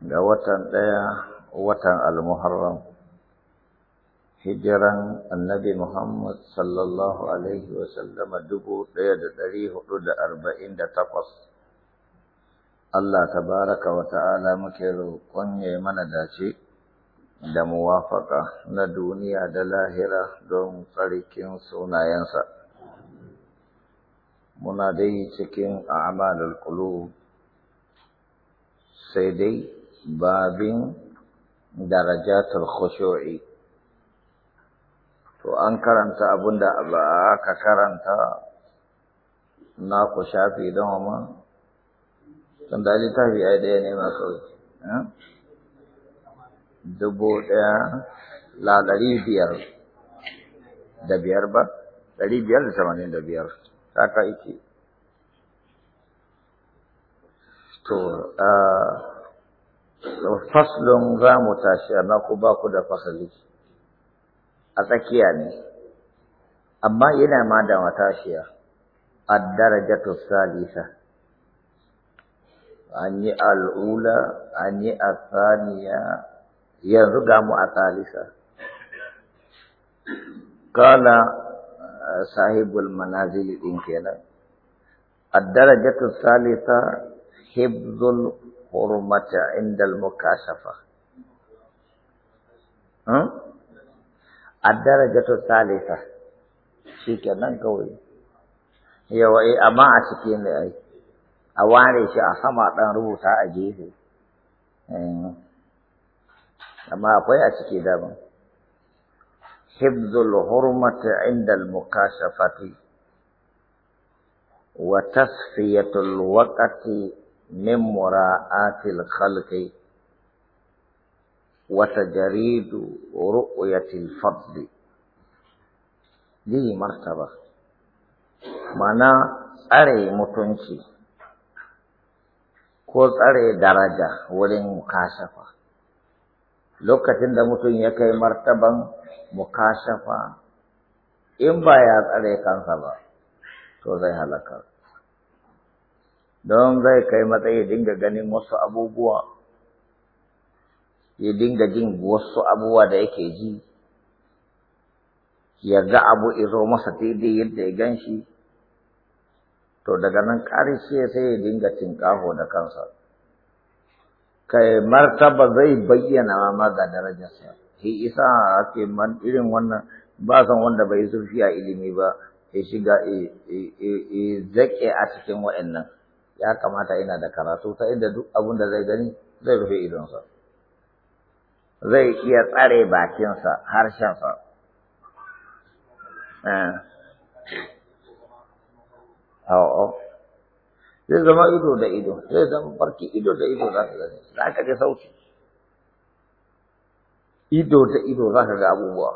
Da watan ɗaya watan al-muharram hijiran annabi muhammad sallallahu alaihi wasallama dubu ɗaya da ɗari hudu da arba'in da takwas allah tabaraka wa ta'ala muke roƙon ya mana dace da muwafaka na duniya da lahira don tsarkin sunayensa muna dai cikin a'malul qulub sai dai babin darajatul khushu'i to an karanta abunda aka karanta na ku shafi don ma tun da littafi ai ɗaya ne masu eh? dubu ɗaya la ɗari biyar da biyar ba ɗari biyar da tamanin da biyar ta ka ike to ah, faslun za mu tashi amma ku ba ku da fasali a tsakiya ne amma yana ma da matashiya a darajatu salisa an yi al'ula an yi asaniya yanzu ga mu a salisa kala sahibul manazili din kenan A ta Salisa, hibzul hurmata indal mukashafa hmm addarajatu salisa nan kawai yawa eh amma a cikin ne eh, ai a ware shi a sama dan rubuta a gefe eh, amma akwai a ciki daban hibzul hurmata indal mukashafati wa tasfiyatul waqati من مراعاة الخلق وتجريد رؤية الفضل دي martaba. Mana tsare mutunci ko tsare daraja wurin mukashafa lokacin da mutum ya kai martaban mukashafa in ba ya tsare kansa ba to zai halaka don zai kai matsayi dinga ganin wasu abubuwa ya dinga jin wasu abubuwa da yake ji ya ga abu izo masa daidai yadda ya gan shi to daga nan ƙarshe sai ya dinga tinkaho da kansa kai martaba zai bayyana ma ga darajarsa shi isa ake man irin wannan ba san wanda bai zurfi a ilimi ba ya shiga zaƙe a cikin waɗannan ya kamata ina da karatu ta inda duk abin da zai gani zai rufe idonsa zai iya tsare bakinsa harshensa eh. oh, oh, zai zama ido da ido zai zama barki ido da ido za ka gani za ka ga sauki ido da ido za ka ga abubuwa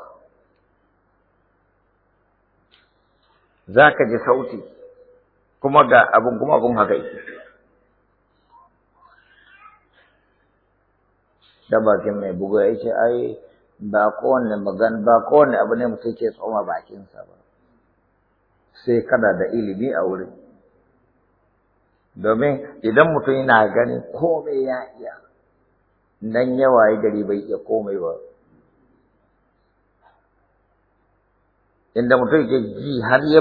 za ka ji sauti kuma ga abun kuma abun haka yake da bakin mai buga ya ce ai ba kowane magana ba kowane abu ne mutum ke tsoma bakinsa ba sai kana da ilimi a wurin domin idan mutum yana gani, komai ya iya nan yawa ya gari bai iya komai ba inda mutum ke ji har ya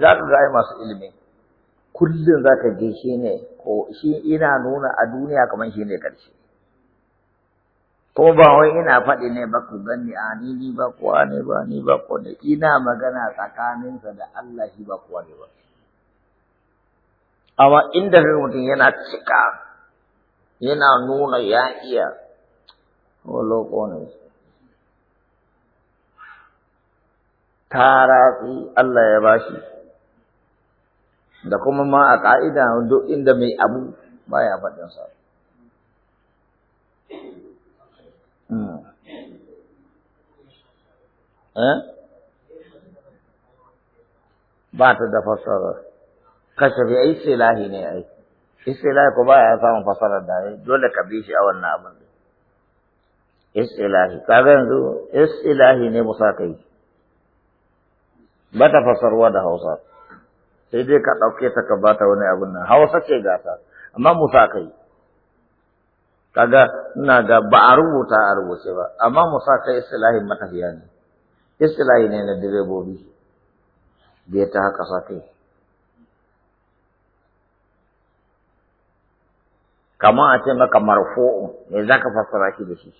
za ka yi masu ilimi kullum za ka je shi ne ko shi ina nuna a duniya kamar shi ne ƙarshe ko ba wai ina faɗi ne ba ku gani a ni ni ba kuwa ne ba ni ba ko ne ina magana tsakaninsa da Allah shi ba kuwa ne ba amma inda mutum yana cika yana nuna ya iya walo ko ne ta Allah ya bashi da kuma ma a ƙa'ida duk inda mai abu ba ya faɗin sa hmm. eh? ba ta da fassara kashe bi ai silahi ne ai istilahi ko ya samun fasara da ya dole ka bi shi a wannan abin istilahi kaga yanzu istilahi ne musa kai ba ta fasarwa da hausa sai dai ka ɗauke ta ka bata wani abin nan hausa ce gasa amma musa kai kaga ina ga ba a rubuta a rubuce ba amma musa kai istilahin matafiya ne istilahi ne na direbobi bai ta haka sa kai kama a ce maka marfo'un me za ka fassara shi da shi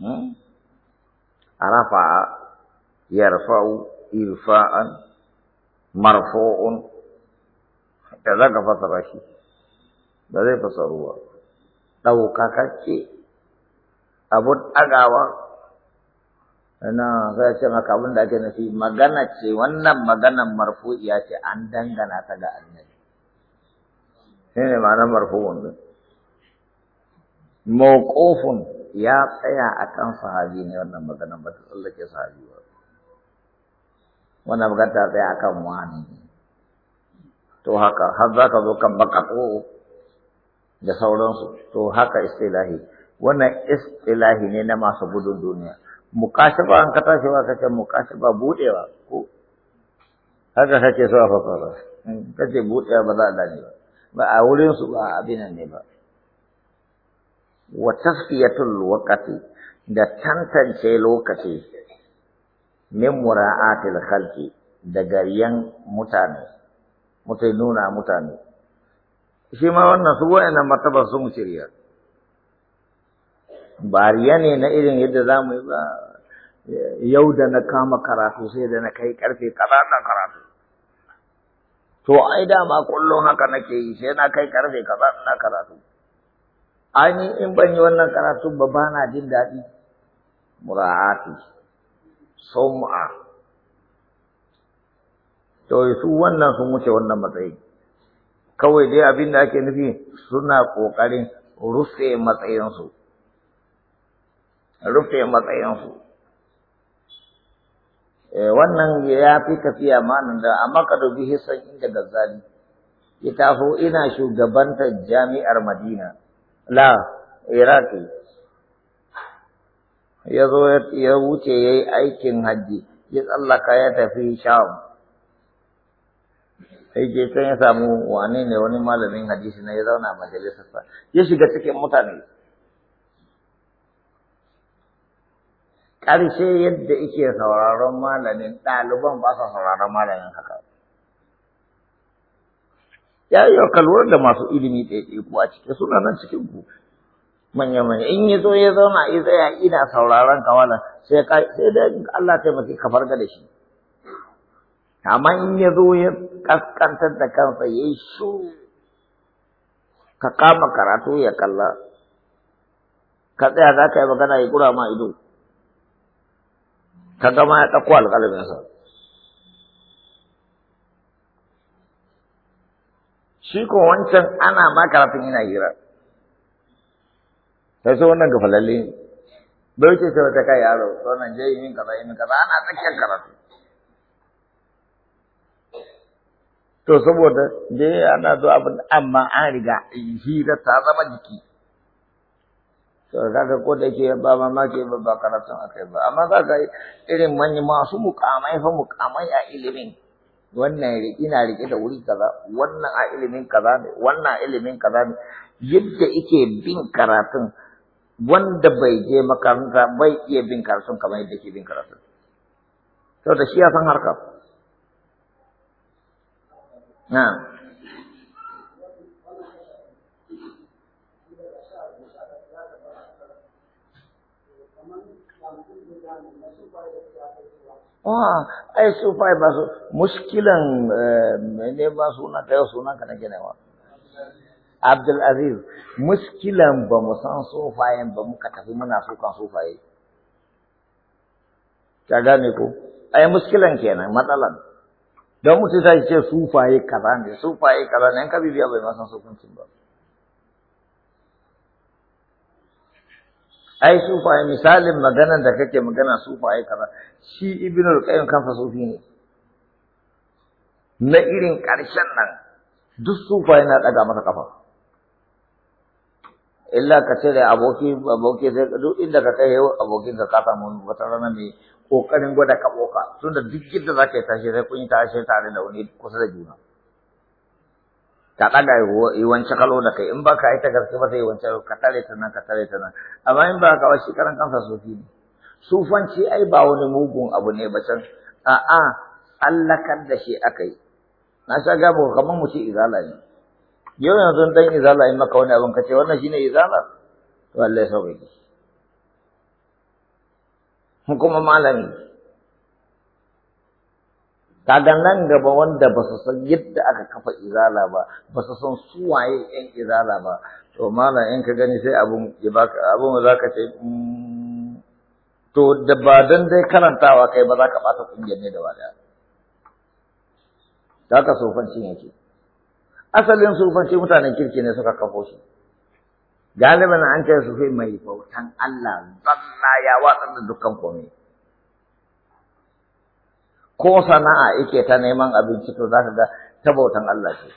hmm? arafa yarfa'u irfa'an marfu'un da za ka fasara shi ba zai fasaru ba ɗaukakakke abun ɗagawa na sai ce maka abin da ake nufi magana ce wannan maganan marfu'iya ce an dangana ta ga annabi shi ne ma'anar marfu'un ne mawqufun ya tsaya akan sahabi ne wannan maganan ba ta tsallake sahabi ba wannan bukata a akan wani to haka har za ka zo kan bakako da sauransu to haka istilahi wannan istilahi ne na masu gudun duniya ba an kata shi ba mukashi ba budewa ko haka kake so a fafara ce budewa ba za a dani ba ba a wurin su ba abin ne ba wa tafiyatul waqati da tantance lokaci min mura'atil khalqi da gariyan mutane mutai nuna mutane shi ma wannan su wa'annan martaba sun shirya bariya ne na irin yadda za mu yi ba yau da na kama karatu sai da na kai karfe kaza na karatu to ai da ma kullum haka nake yi sai na kai karfe kaza na karatu an yi in ban yi wannan karatu ba ba na jin daɗi mura'ati sum'a to su wannan sun wuce wannan matsayi kawai dai abin da ake nufi suna ƙoƙarin rufe matsayinsu rufe matsayinsu eh, wannan ya fi tafiya manan da amma ka dubi hissan inda gazzali ya ina shugabantar jami'ar madina la iraki ya zo ya wuce ya yi aikin hajji ya tsallaka ya tafi sham sai je can ya samu wane ne wani malamin hadisi na ya zauna majalisarsa ya shiga cikin mutane ƙarshe yadda ike sauraron malamin ɗaliban ba sa sauraron malamin haka ya yi wa kalwar da masu ilimi ɗaiɗaiku a cikin suna nan cikin ku manya manya in ya zo ya zauna ya tsaya ina sauraron kawala sai ka sai da Allah taimaki ka farga da shi amma in ya zo ya kaskantar da kansa yayi su ka kama karatu ya kalla ka tsaya za ka yi magana ya kura ma ido ka gama ya ɗauko alƙalaminsa shi ko wancan ana ma karatun yana hira ta so wannan ga falalle bai wuce sai wata kai yaro nan je yi min kaza yi min kaza ana tsakiyar karatu to saboda je ana zo abin amma an riga hira ta zama jiki to kaga ko da ke ba mamaki ba ba karatun akai ba amma za yi irin manyan masu mukamai fa mukamai a ilimin wannan ina rike da wuri kaza wannan a ilimin kaza ne wannan a ilimin kaza ne yadda ike bin karatun wanda bai je makaranta bai iya bin karatun kamar yadda ke bin karatun da shi ya san harka na Ah, ai su fai ba su muskilan eh, ne ba suna kai suna ka na ginawa. Abdulaziz muskilan ba mu san sofayen ba muka tafi muna sukan sofaye Ta gane ko ai muskilan kenan matsalan don mutum sai ce sufaye kaza ne sufaye kaza ne ka bibiya bai ma san sukuncin ba ai sufaye misalin maganan da kake magana sufaye kaza shi ibnu al-qayyim kansa sufi ne na irin ƙarshen nan duk sufaye na ɗaga masa kafa illa ka ce da aboki aboki sai ka duk inda ka kai yau abokin da ka samu wata rana mai kokarin gwada ka tun tunda duk yadda za ka yi tashi sai kun yi tashi tare da wani kusa da juna ka ɗaga yi wancan kalo da kai in ba ka yi ta gaske ba sai wancan ka tare ta nan ka tare ta nan amma in ba ka wasu karan kansa sufi ne sufanci ai ba wani mugun abu ne ba can a'a allakar da shi aka yi na sha gaba kamar mu ce izala ne yau yanzu dan izala in maka wani abin kace wannan shine izala to Allah ya sauke kuma malami kaga nan gaba wanda ba su san yadda aka kafa izala ba ba su san su waye yan izala ba to malam in ka gani sai abun ya baka abun za ka ce mm. to da ba dan dai karantawa kai ba za ka bata kungiyar ne da ba da sofan sofanci yake asalin sufanci mutanen kirki ne suka kafo shi galiban an ce fi mai bautan Allah zalla ya watsar da dukkan komai ko sana'a yake ta neman abinci to za ka ga ta bautan Allah ce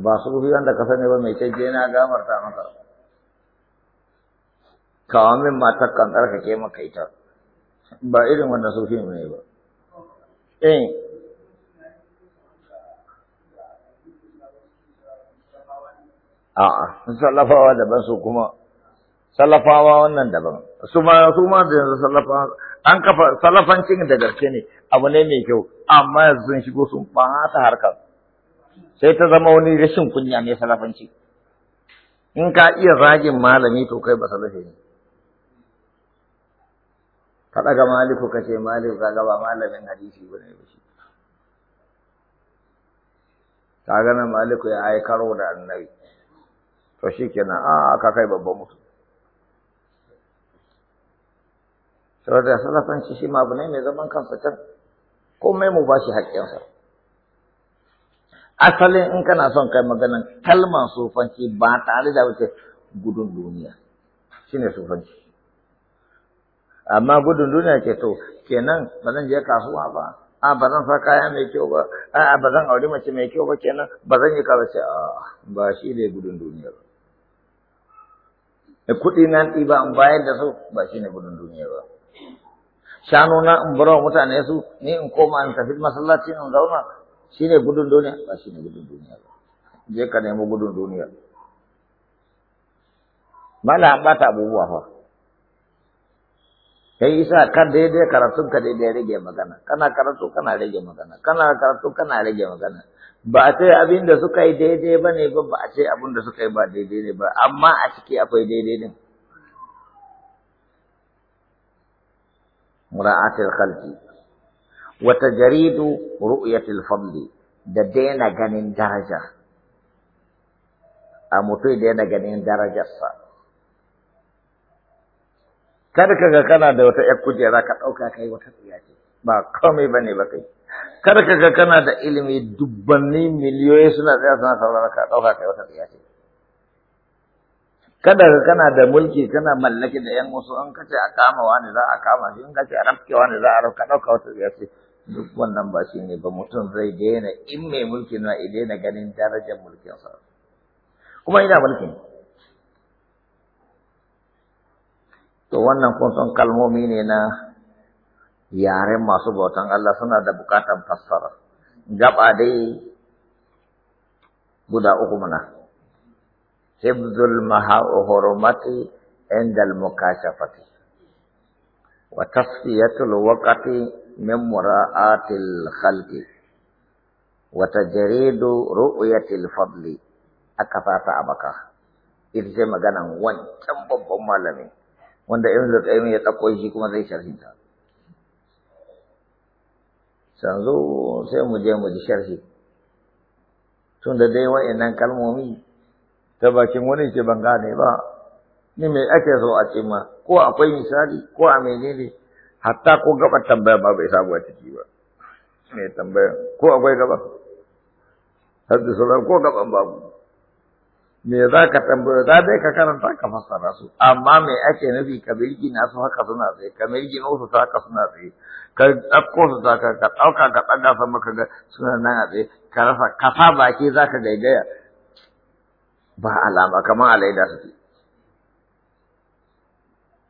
ba su fi wanda ka sani ba mai ce je na gamarta maka kawo min matar kan tsarkake maka ita ba irin wanda sufi ne ba eh a'a sallafawa daban su kuma sallafawa wannan daban su ma su ma da yanzu sallafawa an kafa sallafancin da gaske ne abu ne mai kyau amma yanzu sun shigo sun ɓata harkar sai ta zama wani rashin kunya mai sallafanci in ka iya zagin malami to kai ba salafi ne ka ɗaga maliku ka ce maliku ka gaba malamin hadisi ba ne ba shi ka gana maliku ya aikaro da annabi to shi kenan a ka kai babban mutum saboda salafanci shi ma abu ne mai zaman kansa can komai mu ba shi haƙƙinsa asalin in kana son kai maganan kalman sufanci ba tare da wuce gudun duniya shine sufanci amma gudun duniya ke to kenan ba zan je kasuwa ba a ba zan sa kaya mai kyau ba a ba zan auri mace mai kyau ba kenan ba zan yi kawace ce a ba shi ne gudun duniya ba da eh, kuɗi ɗi ɗiba in bayar da su ba shi ne gudun duniya ba shanu na in bar mutane su ni in koma in tafi masallaci in zauna shi ne gudun duniya ba shi ne gudun duniya ba je ka nemi gudun duniya mala an bata abubuwa fa kai isa ka daidai karatun ka daidai rage magana kana karatu kana rage magana kana karatu kana rage magana ba a ce abin da suka yi daidai ba ne ba ba a ce abin da suka yi ba daidai ne ba amma a ciki akwai daidai ne mura'atul khalqi wa tajridu ru'yatul fadli da daina ganin daraja a mutum daina ganin darajarsa kada ga kana da wata ƴar kujera ka ɗauka kai wata tsiya ce ba komai bane ba kai kada ka ga kana da ilimi dubbanni miliyoyi suna tsaya suna saurara ka ɗauka kai wata tsiya ce kada ka kana da mulki kana mallaki da yan wasu an kace a kama wani za a kama shi in kace a rafke wani za a rafka ɗauka wata ya ce duk wannan ba shi ne ba mutum zai daina in mai mulki na i daina ganin darajar mulkinsa kuma ina mulki? to wannan kun san kalmomi ne na yaren masu bautan Allah suna da bukatan fassara. Gaba dai guda uku muna. Hibzul hurmati indal mukashafati wa tasfiyatul waqati min mura'atil khalqi wa tajridu ru'yatil fadli aka abaka ita ce maganan wancan babban malami wanda ibn al ya dauko shi kuma zai sharhinta sanzu sai mu je mu ji sharhi tun da dai wa'annan kalmomi ta bakin wani ce ban gane ba ni me ake so a ce ma ko akwai misali ko a menene hatta ko gaba tambaya ba bai sabuwa ciki ba me tambaya ko akwai gaba har sauran ko gaban babu me za ka tambaya za dai ka karanta ka fassara su amma me ake nufi ka birgina su haka suna tsaye ka birgina su haka suna tsaye ka ɗauko su za ka ɗauka ka ɗaga sama ka ga suna nan a tsaye ka rasa kafa baki za ka gaigaya ba alama kamar alaida suke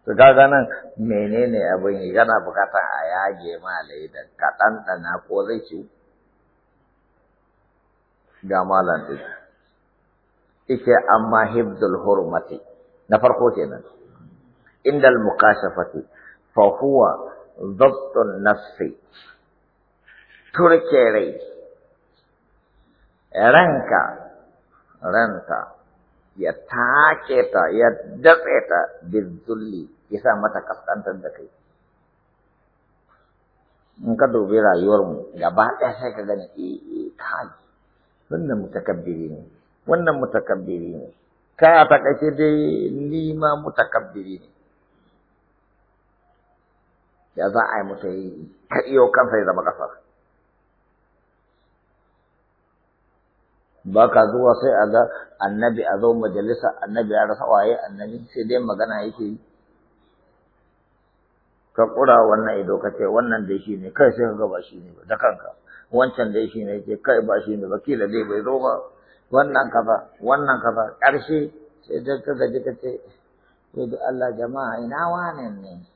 Su ga nan menene abin yi yana bukata a yage ma alaida ka ɗanɗana ko zai ci ga malam ɗin ita amma hibdul hurmati na farko kenan indal mukashafati fa huwa dhabtun nafsi turke rai ranka ranka ya take ta ya datse ta bizulli yasa mata kaskantar da kai in ka dubi rayuwarmu gaba ɗaya sai ka gani eh, eh kai sunna mutakabbiri ne wannan mutakabbiri ne ka a takaice dai ni ma mutakabbiri ne ya za a yi mutu yi iyo kansa ya zama ƙasar ba ka zuwa sai a ga annabi a zo majalisa annabi ya rasa waye annabi sai dai magana yake yi ka ƙura wannan ido ka ce wannan dai shi ne kai sai ka ga ba shi ne ba da kanka wancan dai shi ne ke kai ba shi ne ba kila dai bai zo ba wannan kaza wannan kaza ƙarshe sai da ka gaji ka ce ya da Allah jama'a ina wane ne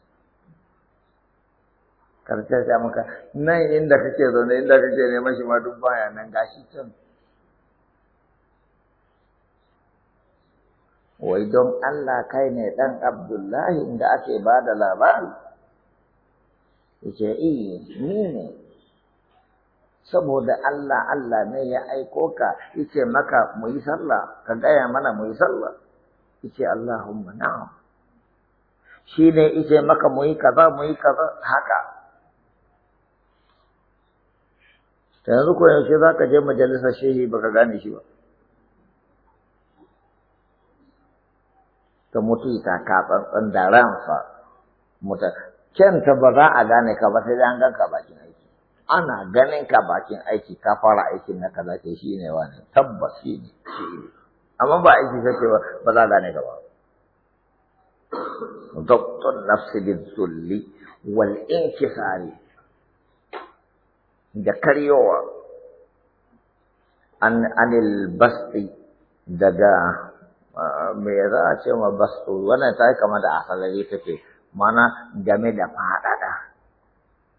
karshe ta maka nan inda kake zaune inda kake neman shi ma duk baya nan gashi can wai don Allah kai ne dan Abdullahi inda ake ba da labari? Yace, eh, ni ne, saboda Allah Allah ne ya aiko ka yace maka mu yi sallah ka gaya mana mu yi sallah yace Allahumma na'am shi ne yace maka mu yi kaza mu yi kaza haka ta yanzu ko yaushe za ka je majalisar shehi baka gane shi ba ka mutu ta katsantsan da ransa mutaka kyanta ba za a gane ka ba sai an ganka bakin aiki ana ganin ka bakin aiki ka fara aikin na kaza ke shi ne wani tabbas shi ne shi ne amma ba aiki kake ba ba za gane ka ba dabtun nafsi bin zulli wal inkisari da karyowa an anil basti daga ah, me za a ce ma basti wannan ta kama da asalari take mana game da faɗaɗa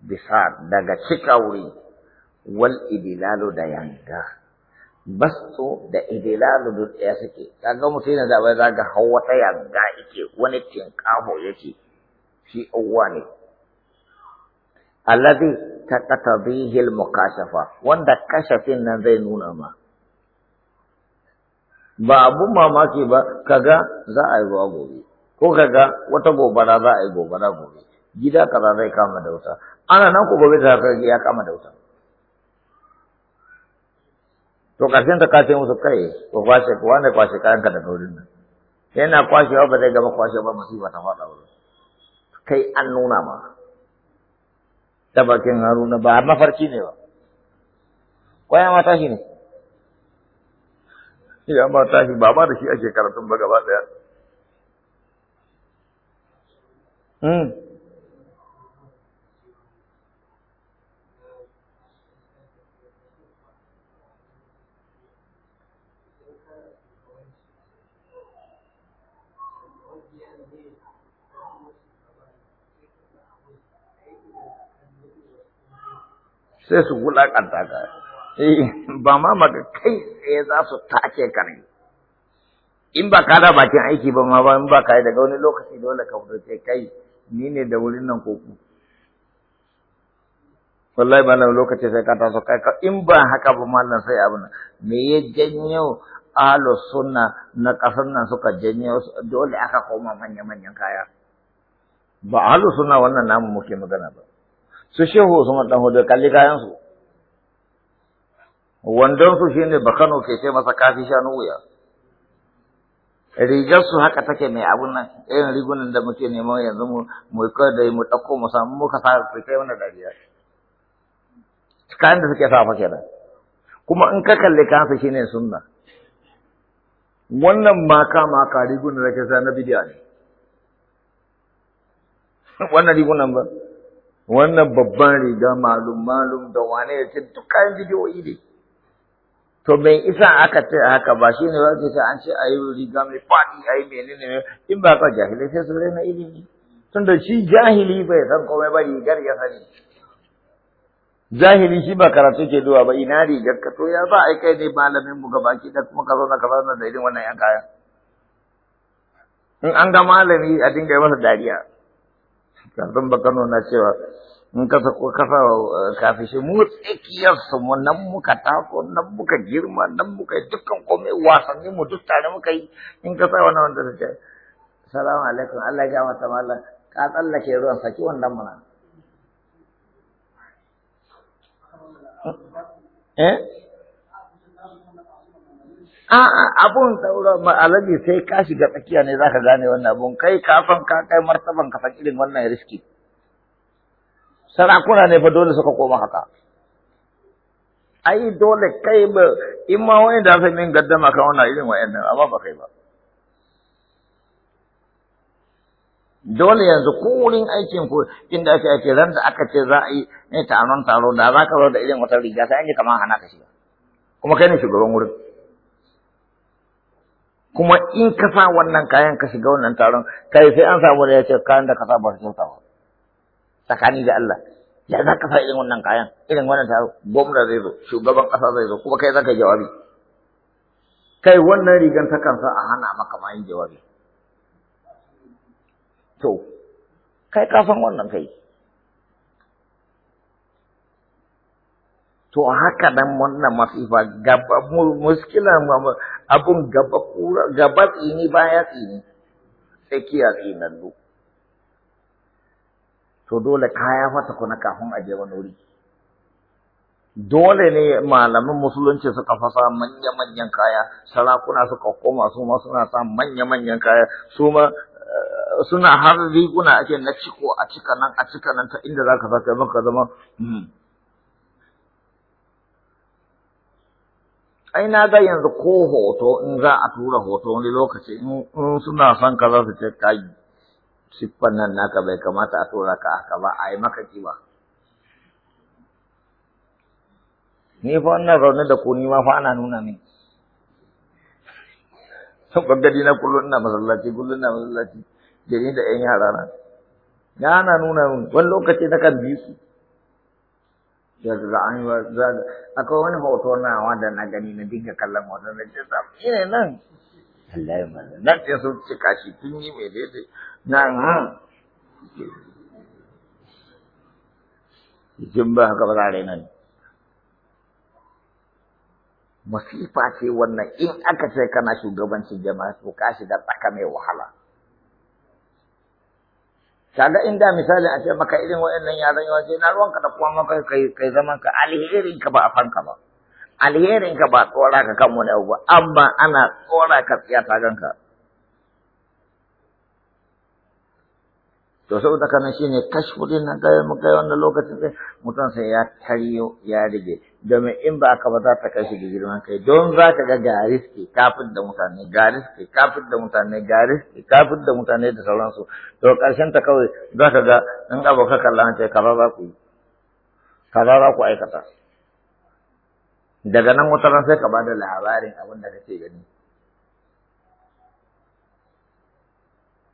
bisa daga cikauri wal idilalu da yanga basto da idilalu da ɗaya suke kaga mutum yana da bai ga hau wata yanga yake wani tinkamo yake shi uwa ne allazi taqtadihi al-mukashafa wanda kashafin nan zai nuna ma ba abun mamaki ba kaga za a yi ruwa gobe ko kaga wata gobara za a yi gobara gobe gida kaza zai kama da wuta ana nan ku gobe za ka ya kama da wuta to karshen ta kace musu kai ko kwashe ko wanda kwashe kayan ka daga wurin nan yana kwashewa ba zai gama kwashe ba musiba ta faɗa wurin kai an nuna ma ta bakin haruna ba mafarki ne ba kwaya mata shi ne ya mata shi ba ma da shi ake karatun ba gaba Hmm. sai su wulakanta ka eh, ba ma maka kai tsaye za su take ka ne in ba ka da bakin aiki ba ma ba in ba ka yi daga wani lokaci dole ka kai ni ne da wurin nan koko wallahi ba na lokaci sai ka taso kai ka in ba haka ba mallan sai abin me ya janyo alo sunna na kasar nan suka janyo dole aka koma manya manyan kaya ba alo sunna wannan namu muke magana ba su shehu su dan hudu kalli kayan su wandon su shine bakano ke ce masa kafi shanu wuya rigar su haka take mai abun nan irin rigunan da muke nema yanzu mu mu da mu dauko mu samu muka sa su kai wannan dariya kayan da suke sa fake da kuma in ka kalli kansa shine sunna wannan maka maka rigunan da ke sa na bidiya ne wannan rigunan ba wannan babban riga malum malum da wane ya ce duk kayan bidiyoyi ne to me isa aka ce haka ba shi ne zai ce an ce a yi riga mai faɗi a yi menene ne in ba ka jahilai sai su na ilimi tunda shi jahili bai san komai ba rigar ya sani jahili shi ba karatu ke duwa ba ina rigar ka to ya ba ai kai ne malamin mu gabaki da kuma ka na ka na da irin wannan yan kaya in an ga malami a dinga yi masa dariya Kafin Bakano na cewa in ka sako kasa kafi eh, shi mu tsakiyar su mu nan muka tako nan muka girma nan muka yi dukkan komai wasanni mu duk tare muka yi in ka sa wannan wanda ta salamu alaikum Allah ya gama ta mallan ka tsallake ruwan saki wannan mana eh A'a abun saura alaji sai ka shiga tsakiya ne zaka gane wannan abun kai ka san ka kai martaban ka san irin wannan riski. Sarakuna ne fa dole suka koma haka. Ai dole kai ba in ma wani da sai min gaddama kan wannan irin wayannan amma ba kai ba. Dole yanzu ko wurin aikin ku inda ake ake ran da aka ce za a yi ne taron taro da za ka zo da irin wata riga sai an yi kamar hana ka shiga. Kuma kai ne shugaban wurin. kuma in ka sa wannan kayan ka shiga wannan taron kai sai an samu da ya ce kayan da ka sa ba su kyauta ba tsakani da Allah ya za ka sa irin wannan kayan irin wannan taron? gwamna zai zo shugaban kasa zai zo kuma kai za ka yi jawabi kai wannan rigan ta kansa a hana maka ma yin jawabi to kai ka wannan kai to haka nan wannan masifa gaba muskila abun gaba kura gaba tsini baya tsini tsakiya tsinannu to dole kaya fata kuna kafin aje wani wuri dole ne malaman musulunci suka fasa manya-manyan kaya sarakuna suka koma su ma suna sa manya-manyan kaya su ma eh, suna har riguna ake na ciko a cika nan a cika nan ta inda zaka saka maka zama hmm. ai na ga yanzu ko hoto in za a tura hoto wani lokaci in suna son ka za su ce kai siffan nan naka bai kamata a tura ka haka ba a yi maka ba. ni fa wannan rauni da ku ni ma fa ana nuna min babbadi na kullum ina masallaci kullum ina masallaci da ni da yan yara na ya ana nuna min wani lokaci na kan bi su yanzu da an yi akwai wani hoto nawa wanda na gani na dinga kallon hoton da ce sam ne nan Allah ya mana nan ce sun cika kashi tun yi mai daidai nan han hmm. jin ba haka ba za nan masifa ce wannan in aka ce kana shugabancin jama'a to ka shiga tsaka mai wahala kaga inda misali a ce maka irin waɗannan yaran yawanci na ruwan ka da kuma maka kai kai zaman ka alherin ka ba a fanka ba alherin ka ba tsora ka kan wani abu amma ana tsora ka tsiya ta ganka to saboda kana shine kashfudin nan kai muka wannan lokacin sai mutum sai ya tariyo ya rige domin in ba ka ba za ta kai da girman kai don za ka ga garis ke kafin da mutane garis ke kafin da mutane garis ke kafin da mutane da sauransu to karshen ta kawai za ka ga in abokan kallon ce kaza za ku yi kaza za ku aikata daga nan wata ran sai ka bada labarin abin da kake gani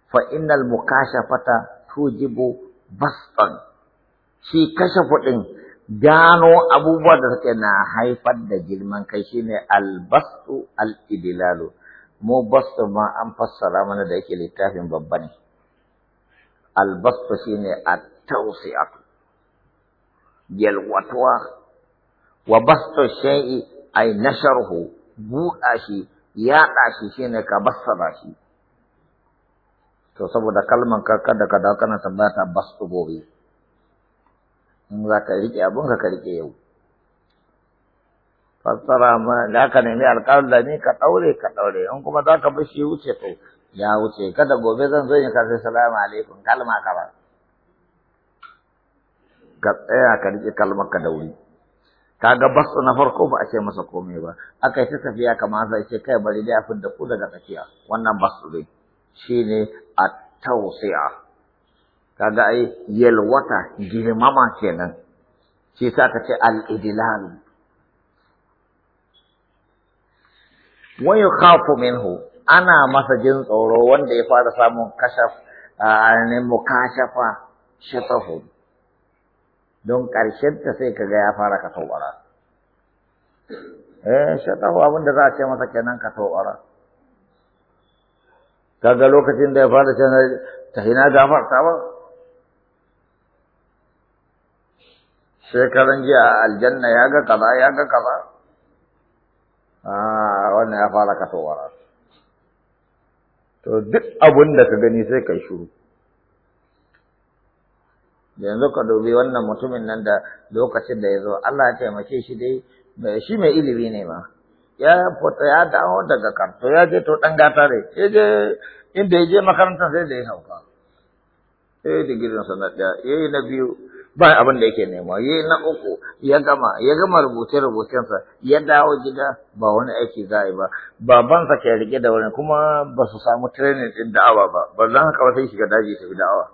fa innal mukashafata tujibu bastan shi kashe kuɗin gano abubuwa da suke na haifar da girman kai shine albastu al-idlalu mu bastu ma an fassara mana da yake littafin babba ne albastu shine at-tawsi'atu yalwatwa wa bastu shay'i ay nasharuhu buɗa shi yaɗa shi shine ka bassara shi to saboda kalman ka kada ka dawo kana tambaya ta bastu gobe in za ka riƙe abun ka riƙe yau fassara ma da ka nemi alƙalda ne ka ɗaure ka ɗaure in kuma za ka bar shi wuce to ya wuce kada gobe zan zo in karfi salamu alaikum kalma ka ba ka tsaya ka riƙe kalmar ka da wuri ga basu na farko ba a ce masa komai ba aka yi ta tafiya kamar sai ce kai bari dai a da ku daga tsakiya wannan basu ne shine a tawsia kaga ai yalwata girmama kenan shi sa ka ce al-idlal wa minhu ana masa jin tsoro wanda ya fara samun kashaf ne mukashafa shatafu don ƙarshen ta sai kaga ya fara ka katawara eh shatafu abin da za a ce masa kenan ka Ka kaga lokacin da ya fara can ta hina gafarta ba shekaran jiya a aljanna ya ga kaza ya ga kaza a ah, wannan ya fara kasowara to duk abun da ka gani sai kai shiru yanzu ka dubi wannan mutumin nan da lokacin da ya zo Allah ya taimake shi dai shi mai ilimi ne ma ya fita ya dawo daga karto ya je to dan gata ne sai je inda ya je makarantar sai da ya hauka sai digirin sanadiya ya yi na biyu ba abin da yake nema yi na uku ya gama ya gama rubuce rubucensa ya dawo gida ba wani aiki za yi ba babansa ke rike da wani kuma ba su samu training din da'awa ba ba zan haka ba sai shiga daji tafi da'awa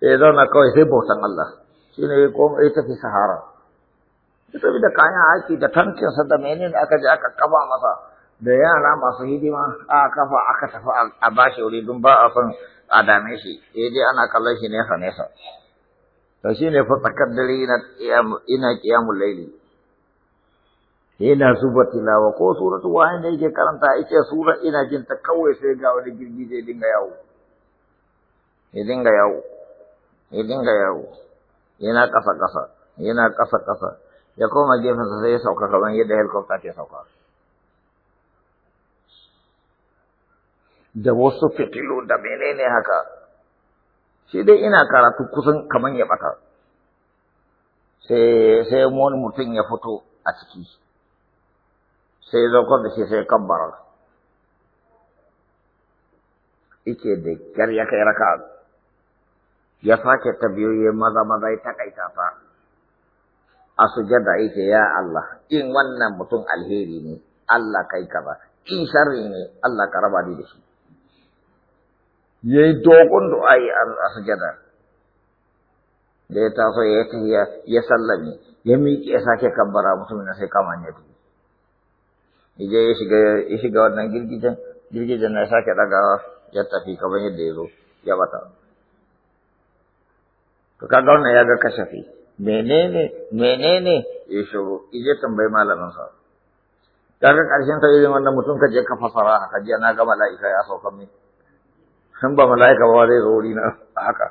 sai zauna kawai sai bautan Allah shine ya ya tafi sahara ya tafi da kayan aiki da tankinsa da menene aka je aka kafa masa da yara masu hidima a kafa aka tafi a bashi wuri don ba a son a dame shi ya je ana kallon shi nesa nesa to shine ne fa tsakar dare ina kiyamul laili Ina suba tilawa ko suratu wahid da yake karanta yake sura ina jin ta kawai sai ga wani girgi zai dinga yawo ya dinga yawo ya dinga yawo yana ƙasa ƙasa yana ƙasa ƙasa ya koma gefen sa sai ya sauka kaman yadda helicopter ke sauka da wasu fitilu da menene haka shi dai ina karatu kusan kaman ya bata sai sai wani mutum ya fito a ciki sai zaukar da shi sai kabbara ike da kyar ya kai raka ya sake ta biyo maza maza ya takaita ta a sujada yake ya Allah in wannan mutum alheri ne Allah kai ka ba in sharri ne Allah ka raba ni da shi ya yi dogon yi a sujada da ya taso ya tafiya ya sallame ya miƙe ya sake kabbara mutumin sai kama ne bi ije ya shiga ya shiga wannan girgijen girgijen na sake daga ya tafi kamar yadda ya zo ya bata to ga wannan ya ga kashafi menene menene ya shiru ije tambayi malamin sa kaga karshen ta yi wannan mutum ka je ka fasara ka je na ga mala'ika ya sauka mai san ba mala'ika ba zai zo na haka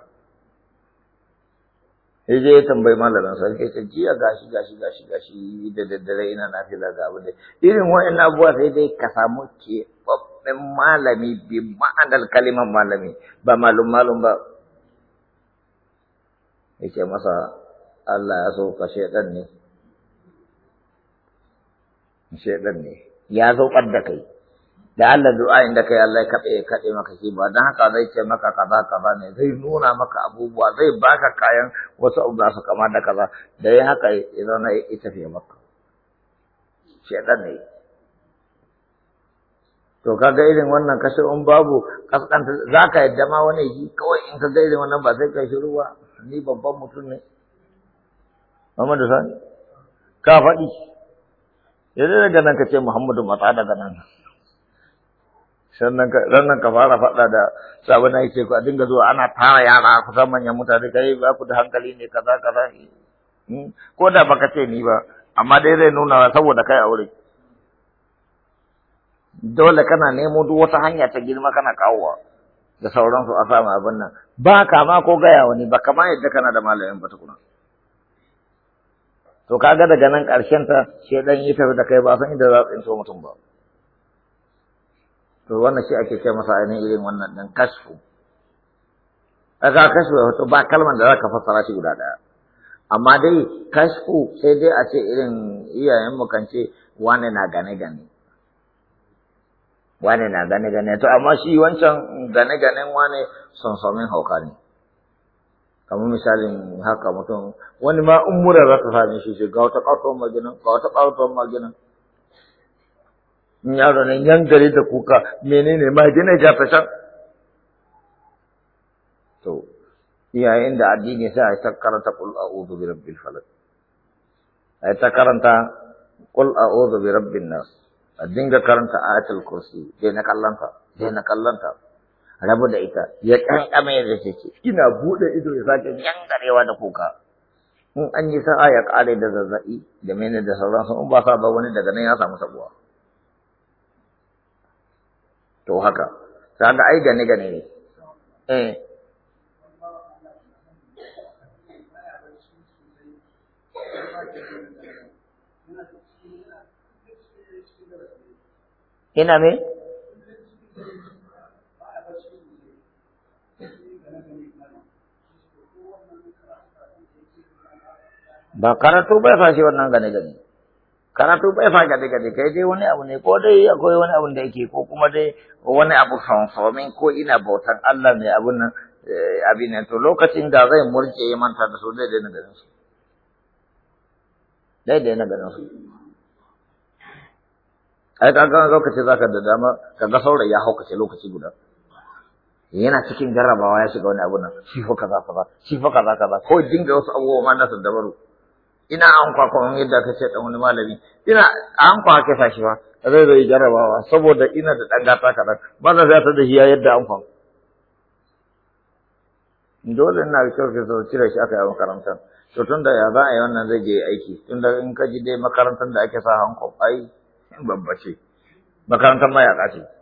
sai je ya tambayi malamin sa sai ce jiya gashi gashi gashi gashi da daddare ina nafila ga abu da irin wa'annan abubuwa sai dai ka samu ke malami bi ma'anar kalimar malami ba malum malum ba yake masa Allah ya so ka shedan ne shedan ne ya zo da kai da Allah du'a inda kai Allah ya kaɗe ya kaɗe maka shi ba don haka zai ce maka kaza kaza ne zai nuna maka abubuwa zai baka kayan wasu abu za su kama da kaza da ya haka ya zauna ya tafiya maka shaitan ne to kaga irin wannan kashe in babu kaskanta za ka yadda ma wani yi kawai in ka ga irin wannan ba sai ka shiru ba ni babban mutum ne Muhammadu Sani ka faɗi yanzu daga nan ka ce Muhammadu matsa daga nan sannan ka fara faɗa da sabon ai ce ku a dinga zuwa ana tara yara kusan manyan mutane kai ba ku da hankali ne kaza kaza hmm? ko da baka ce ni ba amma dai zai nuna saboda kai aure dole kana nemo duk wata hanya ta girma kana kawowa da sauransu a samu abin nan ba kama ko gaya wani ba kama yadda kana da malamin ba tukuna to kaga daga nan ƙarshen ta shedan yi tafi da kai ba san inda za su mutum ba to wannan shi ake ce masa ainihin irin wannan kasfu, kashfu kasfu kashfu to ba kalmar da za ka fassara shi guda ɗaya amma dai kasfu sai dai a ce irin iyayen mu kan ce wane na gane gane wane na gane gane to amma shi wancan gane ganen wane sonsomin hauka ne kamar misalin haka mutum wani ma umura za ta same shi ga wata ƙarfin maginan ga wata ƙarfin maginan yaro nan yan da kuka menene ma gina ja fashan? to iyayen da addini sai a ta karanta qul a'udhu bi rabbil falaq a ta karanta qul a'udhu bi rabbin nas a dinga karanta ayatul kursi dai na kallanta dai na kallanta rabu da ita ya kankame da take ina bude ido ya sake yangarewa da kuka in an yi sa'a ya kare da zazzabi da menene da sauransu in ba sa ba wani daga nan ya samu sabuwa to haka kaga ai gane gane ne eh ina me ba karatu ba fashi wannan gane gane karatu bai faga gade gade kai dai wani abu ne ko dai akwai wani abu da yake ko kuma dai wani abu fanfomin ko ina bautar Allah ne abun nan eh, abin to lokacin da zai murke ya manta da su dai na garin su dai na garin su ai ka ga lokaci zaka da dama ka ga saurayi ya ce lokaci guda yana cikin garabawa ya shiga wani abu nan shi fa kaza kaza shi fa kaza kaza ko dinga wasu abubuwa ma na dabaru ina an kwakwa kamar yadda ka ce dan wani malami ina an kwa ka fashi ba zai zai jarabawa saboda ina da dan gata kaɗan ba za ta da shi yadda an kwa dole ina da kyau ka zo cire shi aka yi makarantar to tun da ya za a yi wannan zai je aiki tun da in ka ji dai makarantar da ake sa hankon ai babba ce makarantar mayaka ce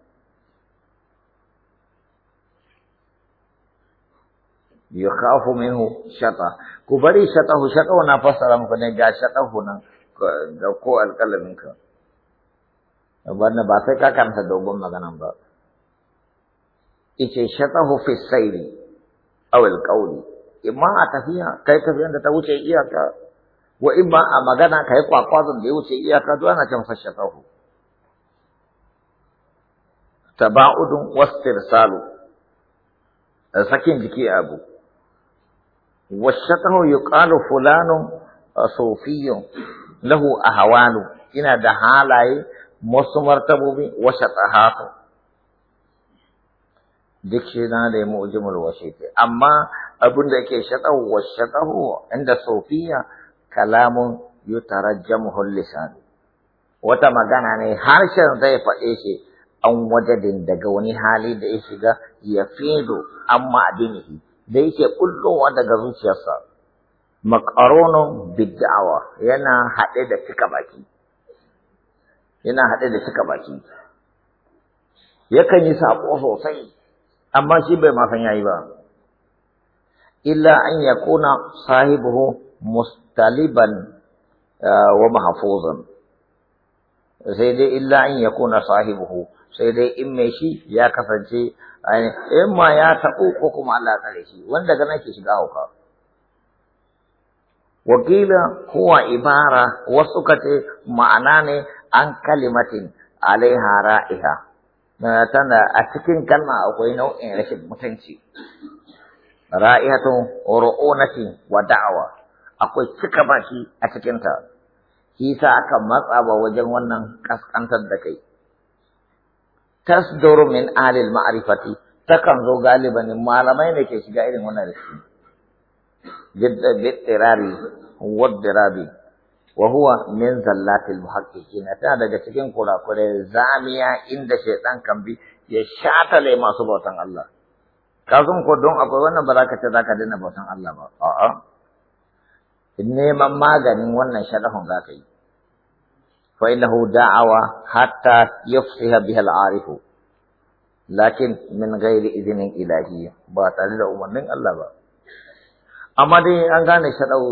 يخاف منه شطا كبري شطا هو شطا هو نافس على مكان جا شطا هو نا جو كو الكل منك وبرنا باسه كا كان سدوبم مكان امبا إيش شطا هو في السير أو القول إما أتفيا كيف تفيا أنت توش إياه كا وإما أمعنا كيف قا قادم ديوش إياه كا دوانا كم فشطا هو تباعد واسترسال سكين جكي أبو washakahu yuqalu fulanu sufiyyu lahu ahwalu ina da halaye musu martabubi washatahatu duk shi na da mu jumul amma abin da yake shaqahu washakahu inda sufiyya kalamun yutarajjamu lisan wata magana ne harshen zai faɗe shi an wajadin daga wani hali da ya shiga ya fi amma abin da yake kullowa daga zuciyarsa makaronon bid'awa yana haɗe da cika baki yana haɗe da cika baki yakan yi saƙo sosai amma shi bai ma san yayi ba illa an yakuna sahibuhu mustaliban ah, wa mahfuzan sai dai illa an yakuna sahibuhu sai dai in mai shi ya kasance in ma ya taɓo ko kuma Allah tsare shi wanda gana ke shiga hauka wakila huwa ibara wasu kace ma'ana ne an kalimatin alaiha ra'iha tana a cikin kalma akwai nau'in rashin mutunci ra'ihatun ru'unati wa da'awa akwai cika baki a cikinta shi sa aka matsa ba wajen wannan kaskantar da kai tasduru min alil ma'rifati takan zo galiban malamai ne ke shiga irin wannan riski jidda bittirari waddirabi wa huwa min zallatil muhaqqiqin ta daga cikin kurakure zamiya inda shaytan kan bi ya le masu bautan Allah kazun ko don akwai wannan ba za ka ce daina bautan Allah ba a'a neman maganin wannan sharhun za yi فإنه دعوة حتى يفصح بها العارف لكن من غير إذن إلهي باتل da umarnin Allah ba. dai an gane shaɗau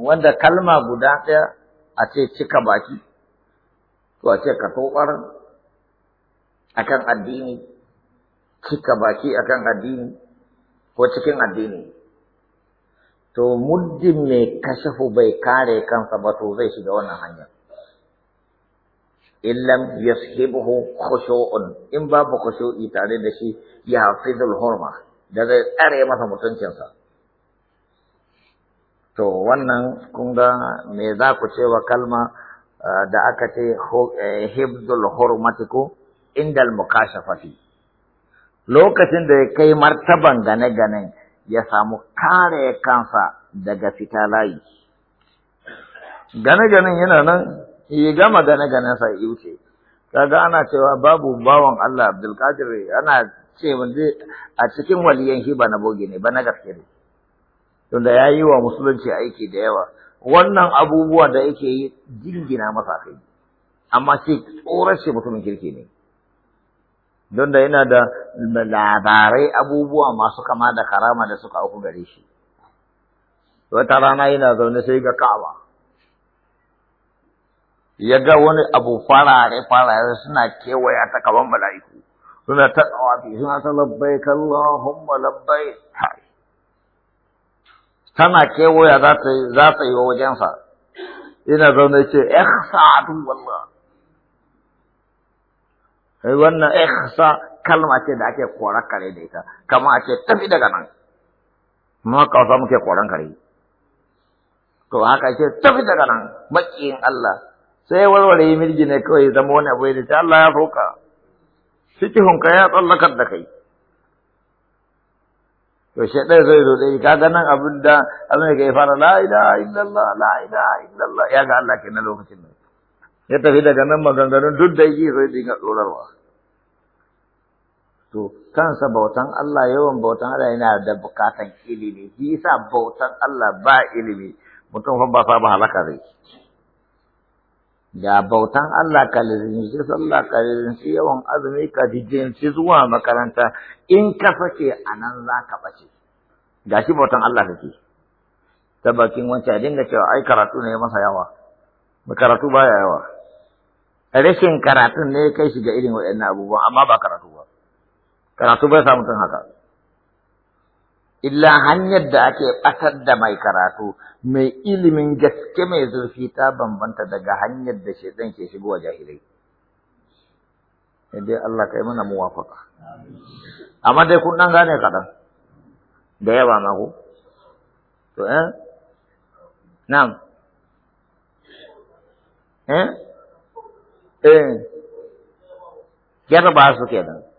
wanda kalma guda ɗaya a ce cika baki to a ce ka tobar akan addini cika baki akan addini ko cikin addini to muddin mai kashafu bai kare kansa ba to zai shiga wannan hanyar illam yashibuhu khushu'un in babu khushu'i tare da shi ya hafizul hurma da zai tsare masa mutuncinsa to wannan kunga ga me za ku ce wa kalma eh, da aka ce eh, hibdul hurmati ko indal mukashafati lokacin da ya kai martaban gane-ganen ya samu kare kansa daga fita layi gane-ganen yana nan ya ga gane ganen sa ya wuce kaga ana cewa babu bawan Allah Abdul Qadir ana ce dai a cikin waliyan shi ba na boge ne ba na gaske ne tunda ya yi wa musulunci aiki da yawa wannan abubuwa da yake yi jingina masa kai amma shi tsoron shi mutumin kirki ne don da yana da labarai abubuwa masu kama da karama da suka auku gare shi wata rana yana zaune sai ga ka'aba ya ga wani abu farare farare suna kewaya ta kaban mala'iku suna ta tsawafi suna ta labbai kallahumma labbai tana kewaya za ta yi wa wajensa ina zaune ce ihsa'atu wallah sai wannan ihsa kalma ce da ake koran kare da ita kamar a ce tafi daga nan mu kausa muke koran kare to haka ce tafi daga nan makiyin Allah sai warware yi mirgi ne kawai zama wani abu da Allah ya sauka hunka ya tsallakar da kai to shi ɗaya zai zo ɗaya kaga nan abin da abin da kai fara la ilaha illallah la ilaha illallah ya ga Allah kenan lokacin nan ya tafi daga nan maganganun duk da yake sai dinga tsorarwa to kansa bautan Allah yawan bautan Allah yana da bukatan ilimi shi yasa bautan Allah ba ilimi mutum fa ba fa ba halaka zai da bautan Allah ka lizinci sallah ka lizinci yawan azumi ka lizinci zuwa makaranta in ka fake a nan za ka ga shi bautan Allah kake ta bakin wancan dinga cewa ai karatu ne masa yawa karatu ba ya yawa rashin karatun ne kai shiga irin waɗannan abubuwan amma ba karatu ba karatu bai sa mutum haka illa hanyar da ake ɓatar da mai karatu mai ilimin gaske mai zurfi ta bambanta daga hanyar da shaitan ke shigowa jahilai dai Allah kai mana muwafaka amma dai kun dan gane kaɗan da yawa ma ku to eh na'am eh eh yarba su kenan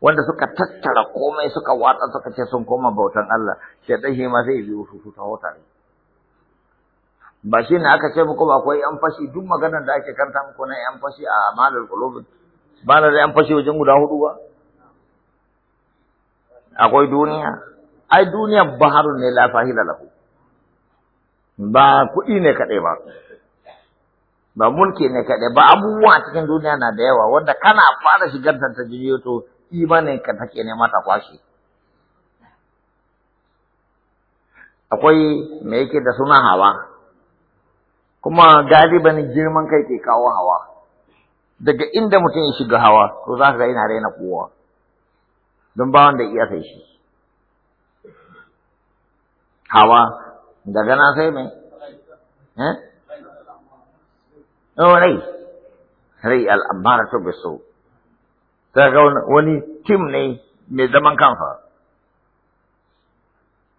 wanda suka tattara komai suka watsa suka ce sun koma bautan Allah sai dai shi ma zai biyo su su taho tare ba shi ne aka ce muku ba akwai yan fashi duk maganar da ake karanta muku na yan fashi a Malal qulubin ba na da yan fashi wajen guda hudu ba akwai duniya ai duniya baharun ne la fahila lahu ba kuɗi ne kaɗai ba ba mulki ne kaɗai ba abubuwa cikin duniya na da yawa wanda kana fara shigar ta ta to imanin ka take ne mata kwashi akwai me yake da suna hawa kuma galiban girman kai ke kawo hawa daga inda mutum ya shiga hawa to za ka ga yana raina kowa don ba wanda iya sai shi hawa daga na sai mai eh oh, rai rai al'amara to bisu ta ga wani tim ne mai zaman kansa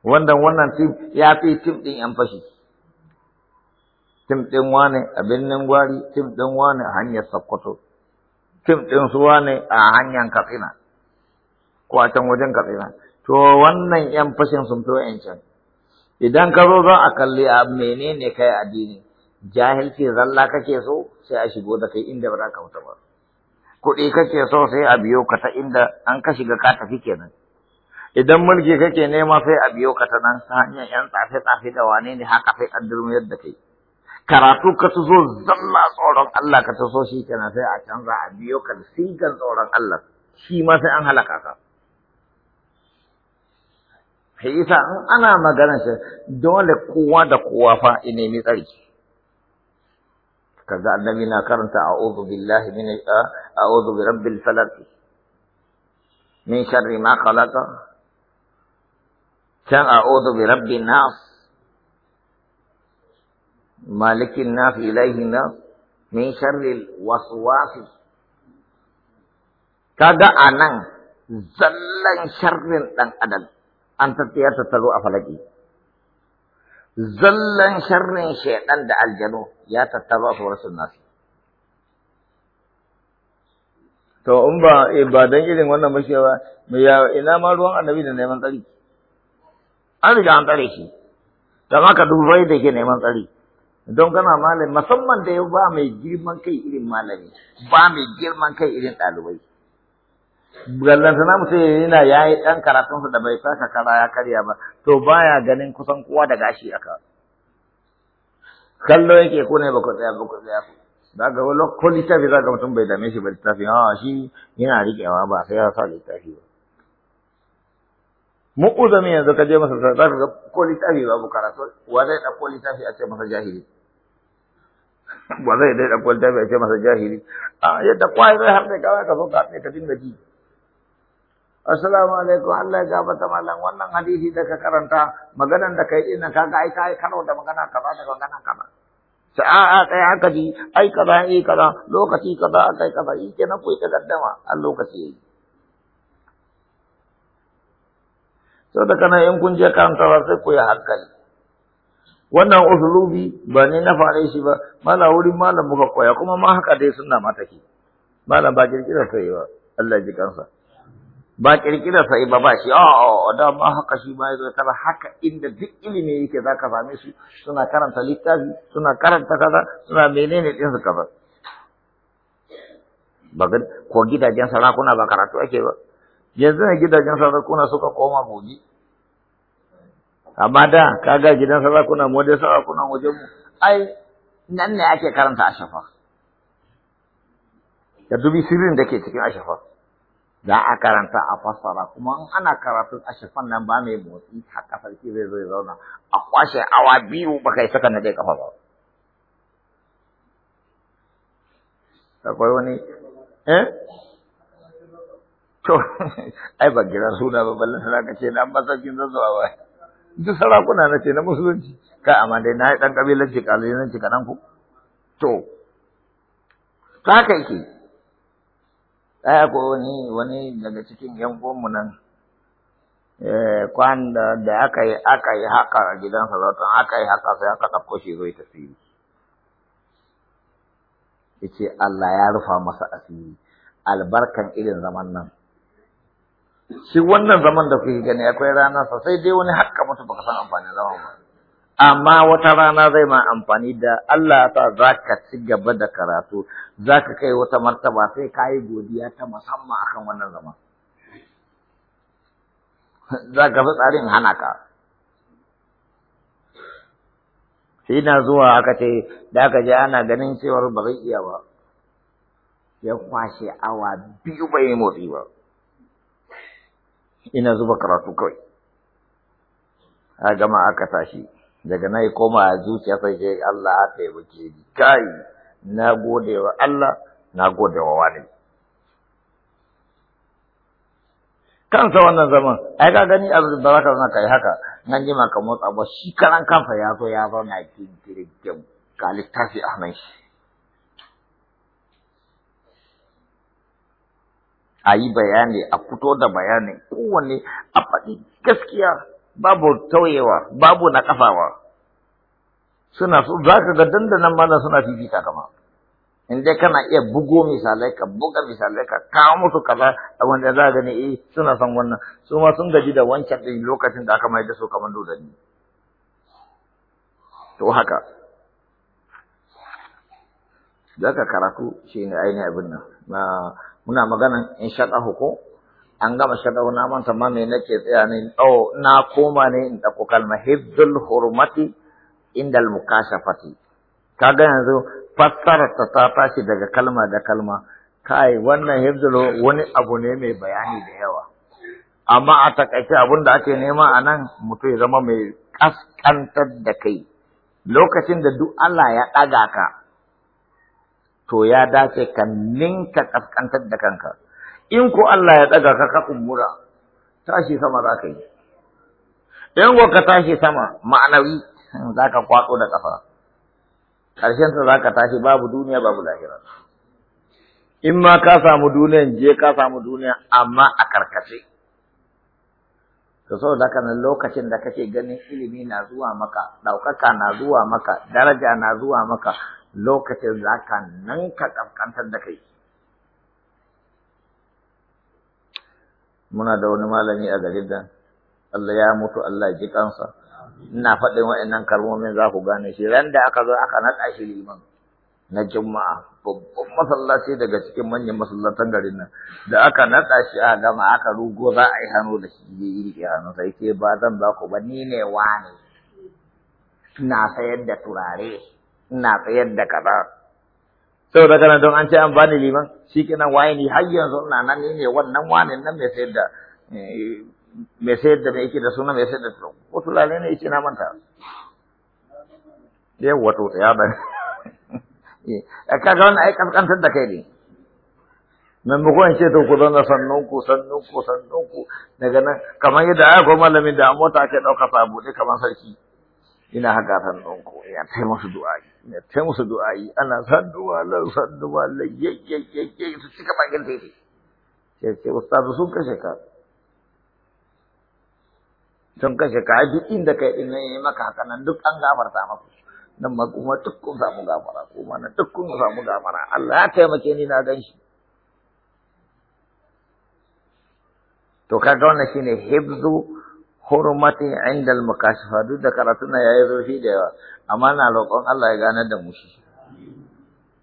wanda wannan tim ya fi tim ɗin yan fashi tim ɗin wane a birnin gwari tim ɗin wane a hanyar sakkwato tim ɗin su wane a hanyar katsina ko a can wajen katsina to wannan yan fashin sun fi wa'yancan idan ka zo za a kalli a menene kai addini jahilci zalla kake so sai a shigo da kai inda ba za ka wuta ba kuɗi kake so sai a biyo ka ta inda an ka shiga ka tafi kenan idan mulki kake nema sai a biyo ka ta nan ta hanyar yan tsafe tsafe da wane ne haka sai an durmu yadda kai karatu ka ta zo zalla tsoron Allah ka ta so shi kenan sai a canza a biyo ka da sigan tsoron Allah shi ma sai an halaka ka sai sa'an ana magana shi dole kowa da kowa fa ina ni tsarki kaga annabi na karanta a'udhu billahi min a'udhu bi rabbil falaq min sharri ma khalaqa can a'udhu bi rabbin nas malikin nas ilayhi nas min sharri waswasi kaga anan zallan sharrin dan adam an tattiyar tattaro a falaki zallan sharrin shaidan da aljanu ya tattaba su rasul nasu to in ba eh, ba dan irin wannan mashewa ba ya ina ma ruwan annabi da neman tsari an riga an tsare shi don haka dubai da ke neman tsari don kana malami musamman da ya ba mai girman kai irin malami ba mai girman kai irin ɗalibai gallanta mu sai yana ya yi ɗan karatunsa da bai saka kara ya karya ba to baya ganin kusan kowa da gashi aka kallo yake ko ne baka tsaya baka tsaya da ga wani ko littafi za ga mutum bai dame shi ba littafi a ah, shi yana riƙewa ba sai ya sa littafi ba mu uzami yanzu ka je masa za ka ga tafi ba babu karatu wa zai koli tafi a ce masa jahili wa zai dai koli tafi a ce masa jahili a ah, yadda kwai zai har ne kawai ka zo ka ka dinga ji Assalamu alaikum Allah ya gabata malam wannan hadisi da ka karanta maganan da kai ina kaga ai kai karo da magana kaza da magana kaza sai a a kai haka ji ai kaza ai kaza lokaci kaza kai kaza yi kenan ku ta gaddama a lokaci sau da kana in kun je karanta sai ku yi hankali wannan usulubi ba ne na fare shi ba mala wurin malam muka koya kuma ma haka dai sunna mataki. malam ba kirkirar sai ba Allah ji kansa ba kirkira sai ba ba shi a ah, a ah, ah, da ba haka shi ba yazo tara haka inda duk ilimi yake zaka same su suna karanta littafi suna karanta kaza suna menene din su kaza ba ko gidajen sarakuna ba karatu ake ba yanzu ne gidajen sarakuna suka koma gobe amma da kaga gidan sarakuna mu dai sarakuna wajen mu ai nan ne ake karanta ashafa da dubi sirrin da ke cikin ashafa za a karanta a fassara kuma in ana karatu a shafan nan ba mai motsi haka sarki zai zai zauna a kwashe awa biyu ba kai saka na dai kafa ba akwai wani eh to ai ba gira suna ba ballan sana ka ce na masaukin zazzawa ba duk sarakuna na ce na musulunci kai amma dai na yi ɗan ƙabilanci ƙalilanci kaɗan ku to ta haka yake ɗaya ko wani wani daga cikin yan mu nan eh, kwan da aka yi aka yi haka a gidan zata aka yi haka sai aka ɗauko shi zai tasiri yace Allah ya rufa masa asiri albarkan irin zaman nan shi wannan zaman da kuke gani akwai ranar sosai, sai dai wani haka mutu baka san amfanin zaman ba amma wata rana zai ma amfani da Allah ta za ka ci gaba da karatu za ka kai wata martaba sai ka yi godiya ta musamman akan wannan zaman za ka fi tsarin hana ka sai na zuwa aka ce da aka je ana ganin cewar ba zai iya ba ya kwashe awa biyu bai yi motsi ba ina zuba karatu kawai a gama aka tashi daga nan ya koma a zuciya sai ce Allah ya taimake ni kai na gode wa Allah na gode wa wani kansa wannan zaman ai ka gani abin da na zana kai haka nan jima ka motsa ba shi karan kansa ya zo ya zauna kinkirin kyau ga littafi a nan shi a yi bayani a fito da bayani kowanne a faɗi gaskiya babu tauyewa babu na kafawa suna so za ka ga dandanan mana suna fifita kama in dai kana iya bugo misalai ka buga misalai ka kawo musu kaza a wanda za ka gani eh suna son wannan su ma sun gaji da wancan din lokacin da aka mai da su kamar dodani to haka daga karatu shine ainihin abin nan muna maganan in shaƙa ko an gama na manta ma me nake tsaya ne oh na koma ne in dauko kalma hibdul hurmati indal mukashafati kaga yanzu fassara ta ta tashi daga kalma da kalma kai wannan hibdul wani abu ne mai bayani da yawa amma a takaice abin da ake nema a nan mutum ya zama mai kaskantar da kai lokacin da duk Allah ya ɗaga ka to ya dace ka ninka kaskantar da kanka in ko Allah ya ɗaga ka ka kumbura tashi sama za ka yi in ko ka tashi sama ma'anawi za ka kwaɗo da ƙafa ta za ka tashi babu duniya babu lahira in ma ka samu duniyan je ka samu duniya amma a karkace to saboda haka lokacin da kake ganin ilimi na zuwa maka ɗaukaka na zuwa maka daraja na zuwa maka lokacin za ka nan ka ƙasƙantar da kai muna da wani malami a garin da Allah ya mutu Allah ji kansa ina faɗin wa'annan kalmomin za ku gane shi ran da aka zo aka naɗa shi liman na juma'a babban masallaci daga cikin manyan masallatan garin nan da aka naɗa shi a gama aka rugo za a yi hannu da shi zai yi riƙe hannu sai ke ba zan ba ku ba ni ne wani ina sayar da turare ina sayar da kaza saboda kana don an ce an bani liman kenan waye ni har yanzu ina nan ni ne wannan wani nan mai sayar da eh, mai sayar da mai yake da suna mai sayar da turon ko tulane ne yace na manta dai wato ya ba eh, ga wannan ai kankantar da kai ne an ce to ku zauna sannan ku sannan ku sannan ku daga nan kamar yadda aka kuma malamin da mota ake ɗauka fa buɗe kamar sarki ina haka san ɗanku ya tai musu du'a'i ya tai musu du'a'i ana sanduwa lan sanduwa lan yayyayyayye su cika bakin titi sai ce ustazu sun kashe ka sun kashe ka a duk inda kai din ne maka haka nan duk an gafarta maka nan ma kuma duk kun samu gafara kuma na duk kun samu gafara Allah ya taimake ni na gan shi. to kaga wannan shine hibzu hurmati indal makashifa duk da na yayi zurfi da yawa amma na roƙon Allah ya ganar da mu shi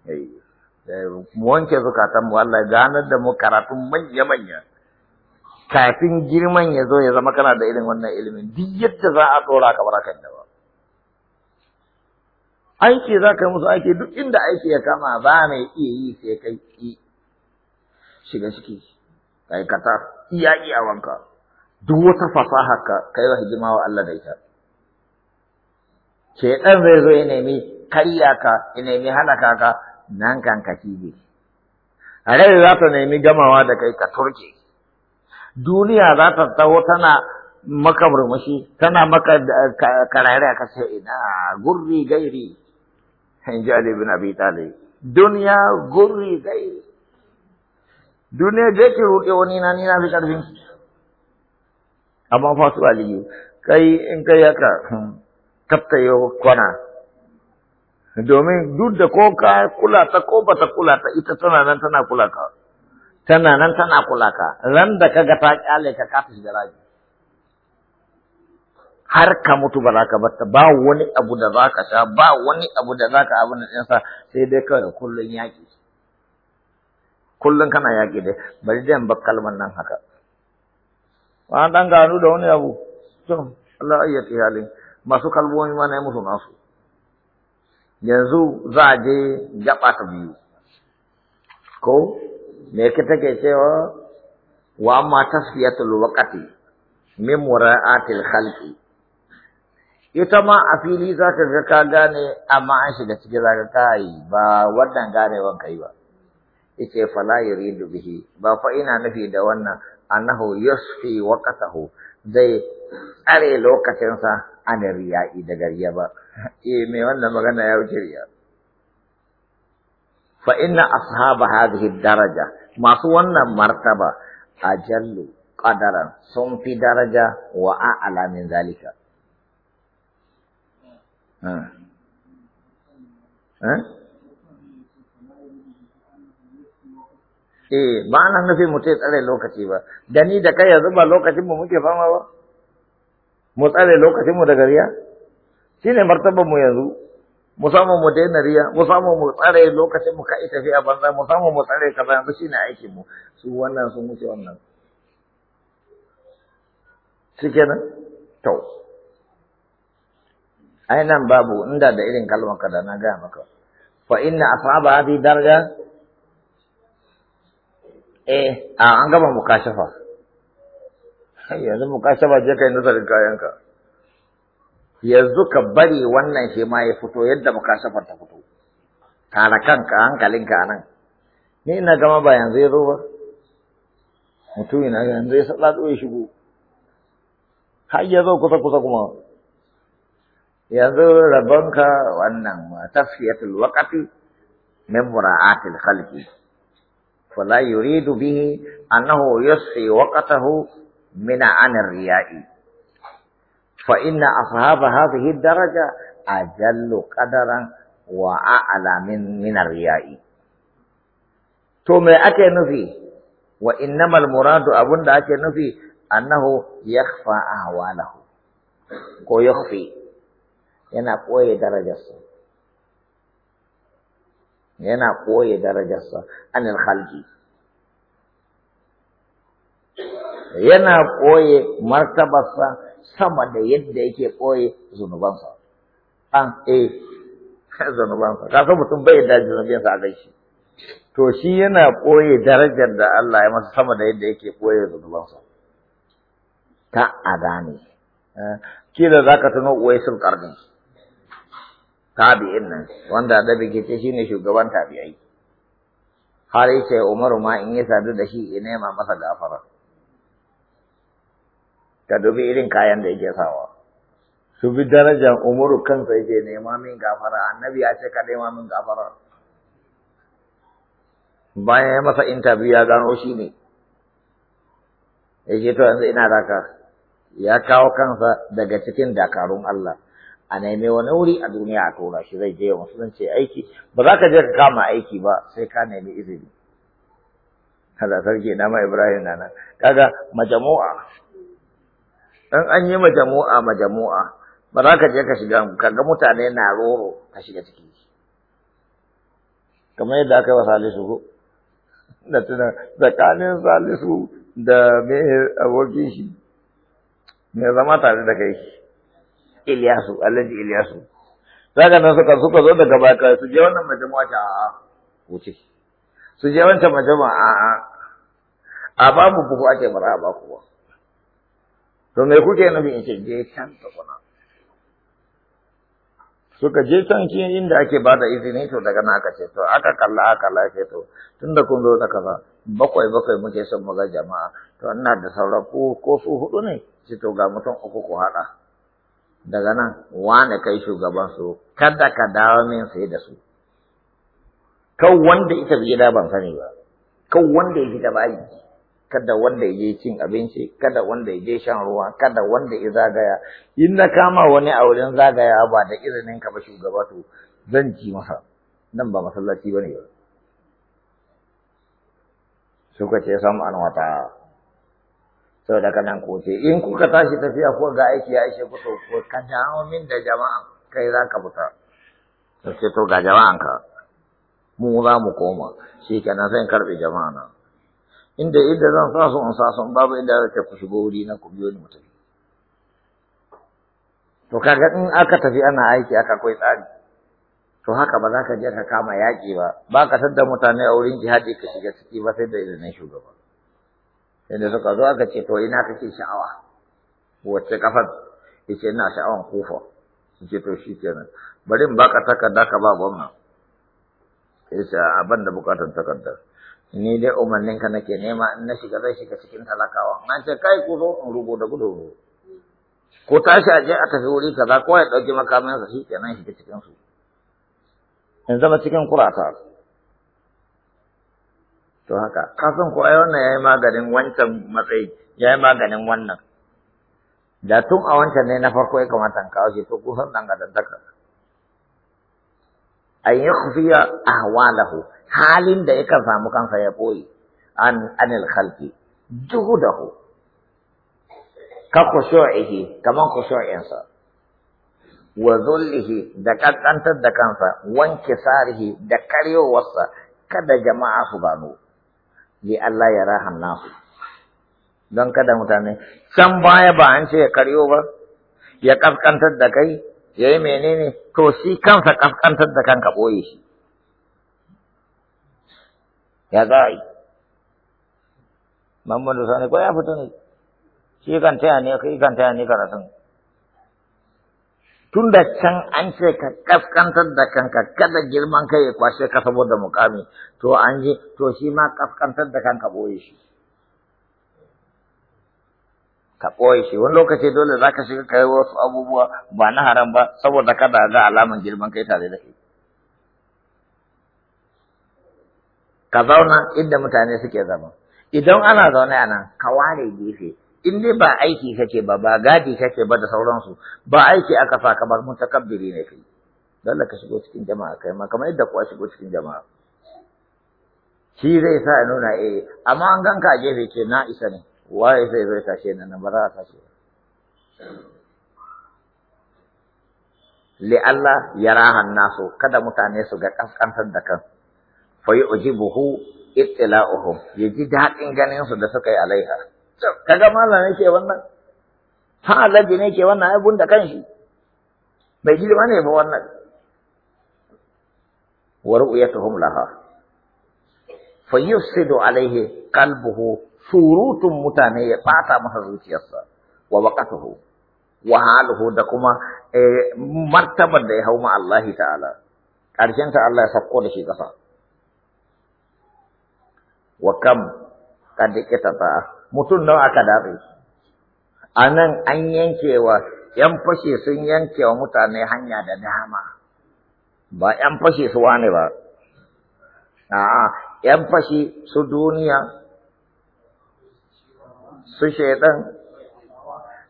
eh, mu wanke zukatan mu Allah ya ganar da mu karatun manya manya kafin girman ya zo ya zama kana da irin wannan ilimin duk yadda za a tsora ka baraka da ba aiki za ka musu aiki duk inda aiki ya kama ba mai iya yi sai kai ki shiga ciki aikata iya wanka. duk wata fasaha ka kai wa hidima wa Allah da ita shedan zai zo ya nemi karya ka ya nemi halaka ka nan kan ka cije rai za ta nemi gamawa da kai ka turke duniya za ta taho tana maka murmushi tana maka eh, karare ka ce ina gurri gairi in ji Ali bin Abi Talib duniya gurri gairi duniya je ki roƙe wani na ni na fi ƙarfin amma fa su aliyu kai in kai haka hmm, taftayo kwana domin duk da ko ka kula ta ko bata kula ta ita tana nan tana kula ka tana nan tana kula ka ran da kaga ta kyale ka ka shiga raji har ka mutu ba za ka batta ba wani abu da za ka sha ba wani abu da za ka abu na ɗinsa sai dai kawai kullum yaƙi kullum kana yaƙi dai bari dai in bar nan haka an ɗan gano da wani abu tun Allah ayyati halin masu kalmomi ma na yi musu nasu yanzu za a je gaba ta biyu ko me ke take cewa wa amma tasfiyatul waqati min mura'atil khalqi ita ma a fili za ka ga ka gane amma an shiga ciki za ka kai ba wannan ganewan kai ba yace fala yuridu bihi ba fa ina nafi da wannan annahu yusfi waqtahu zai tsare lokacinsa an riya'i daga riya ba eh mai wannan magana ya wuce riya fa inna ashab hadhihi daraja masu wannan martaba ajallu qadaran sun fi daraja wa a'la min zalika ha hmm. ha hmm? eh ba na nufi mutum tsare lokaci ba da ni da kai yanzu ba lokacin mu muke fama ba mu tsare lokacin mu daga riya shine martaban mu yanzu mu samu mu daina riya mu samu mu tsare lokacin mu kai tafiya banza mu samu mu tsare kaza yanzu shine aikin mu su wannan sun wuce wannan shikenan to ai babu inda da irin kalmar ka da na gaya maka fa inna a hadhihi daraja eh an gama mukashafa yanzu mukashafa je kai nazarin kayanka yanzu ka bari wannan shi ma ya fito yadda mukashafar ta fito tare kanka hankalinka a nan ni ina gama ba yanzu ya zo ba mutum ina yanzu ya saɗaɗo ya shigo har ya zo kusa kusa kuma yanzu rabonka wannan tafiyatul waqati min mura'atil khalqi فلا يريد به أنه يصفي وقته من عن الرياء فإن أصحاب هذه الدرجة أجل قدرا وأعلى من من الرياء ثم أتي نفي وإنما المراد أبن أتي نفي أنه يخفى أهواله ويخفي ينقوي درجته yana koye darajarsa anil khalqi yana koye martabarsa sama da yadda yake koye zunubansa an e zunubansa ka san mutum bai da zunubinsa a gaishe to shi yana koye darajar da Allah ya masa sama da yadda yake koye zunubansa ta adani eh, kila zaka tuno uwaisul qarni tabi'in nan wanda da ce shine shugaban tabi'ai har yace Umaru ma in ya sadu da shi ina ma masa gafara ka dubi irin kayan da yake sawa su bi darajar Umaru kansa yake nema min gafara annabi ya ce ka nema min gafara bayan ya masa interview ya gano shi ne yake to yanzu ina raka ya kawo kansa daga cikin dakarun Allah a neme wani wuri a duniya a tona shi zai je ya musulunci aiki ba za ka je ka kama aiki ba sai ka nemi izini kada sarki na ma Ibrahim na nan kaga majamu'a dan an yi majamu'a majamu'a ba za ka je ka shiga kaga mutane na roro ka shiga ciki kamar yadda aka yi wa Salisu ko da tuna tsakanin Salisu da me abokin shi me zama tare da kai Ilyasu Alhaji Ilyasu zaka nan suka suka zo daga baka su je wannan majama'a ta a'a. wuce su je wancan majama'a a'a, a ba babu buhu ake mara ba kuwa to me kuke nufi in ce je can tukuna suka je can ki inda ake ba da izini to daga nan aka ce to aka kalla aka ce. to tunda kun zo da kaza bakwai bakwai muke son mu ga jama'a to ina da sauran ko ko su hudu ne ce to ga mutum uku ku haɗa. daga nan wane kai shugaban su kada ka dawo min sai da su Kau wanda ita da ban sani ba Kau wanda ya da bayi kada wanda ya cin abinci kada wanda ya shan ruwa kada wanda ya zagaya in na kama wani a wurin zagaya ba da izinin ka ba shugaba to zan ci masa nan ba masallaci bane ba suka ce sam an wata sau da kanan ko ce in kuka tashi tafiya ko ga aiki ya ishe to ko ka dawo min da jama'a? kai za ka fita sai ce to ga jama'an ka mu za mu koma shi kenan zan karɓe jama'a na inda inda zan sa su in sa su babu inda zai ku shigo wuri na ku biyo ni mutum to kaga in aka tafi ana aiki aka koyi tsari to haka ba za ka je ka kama yaƙi ba ba ka tada mutane a wurin jihadi ka shiga ciki ba sai da izinin shugaba inda suka zo aka ce to ina kake sha'awa wacce kafar yace ina sha'awan kufa yace to shi kenan bari in baka takarda ka ba gwamna yace abin da bukatan takardar ni dai umarnin ka nake nema in na shiga zai shiga cikin talakawa na ce kai ku zo in rubuta gudu ko tashi aje a tafi wuri kaza ko ya dauki makamin sa shi kenan shiga cikin su in zama cikin kurata to haka kasan ko ai wannan yayi maganin wancan matsayi yayi maganin wannan da tun a wancan ne na farko ya kamata kawo shi to kusan dan daka. an yakhfiya ahwalahu halin da yakan samu kansa ya boye an anil khalqi juhudahu ka khushu'ihi kaman khushu'insa wa dhullihi da kankantar da kansa wanke sarihi da karyowarsa kada jama'a su gano li Allah ya rahan nasu don kada mutane can baya ba an ce ya karyo ba ya kaskantar da kai ya yi menene to shi kansa kaskantar da kanka ɓoye shi ya za a yi mamman da sani ko ya fito ne shi kan taya ne kai kan taya ne karatun tun da can an ce ka kaskantar da kanka kada girman kai ya kwashe ka saboda mukami to an je to shi ma kaskantar da kanka boye shi ka boye shi wani lokaci dole za ka shiga kai wasu abubuwa ba na haram ba saboda kada ga alaman girman kai tare da kai ka zauna inda mutane suke zama idan ana zaune a nan ka ware gefe in dai ba aiki kake ba ba gadi kake ba da sauransu ba aiki aka fa ka mutakabbiri ne kai dole ka shigo cikin jama'a kai ma kamar yadda kuwa shigo cikin jama'a shi zai sa ya nuna eh amma an ganka a gefe ce na isa ne waye zai zai tashe nan ba za a tashe ba ya rahan nasu kada mutane su ga kaskantar da kan fa yu'jibuhu ittila'uhum yaji dadin ganin su da suka yi alaiha kaga malam yake wannan ha alaji ne ke wannan abun da kanshi bai ba ne ba wannan wa ru'yatuhum laha yusidu alaihi qalbuhu surutun mutane ya bata masa zuciyarsa wa waqatuhu wa haluhu da kuma eh, martaban da ya hau ma Allah ta'ala ƙarshen ta Allah ya sako da shi kasa wa kam kad ta? mutum nawa aka datse a nan an yankewa ‘yan fashe sun yankewa mutane hanya da dama ba ‘yan fashe su wane ba a'a ‘yan fashe su duniya su shaidan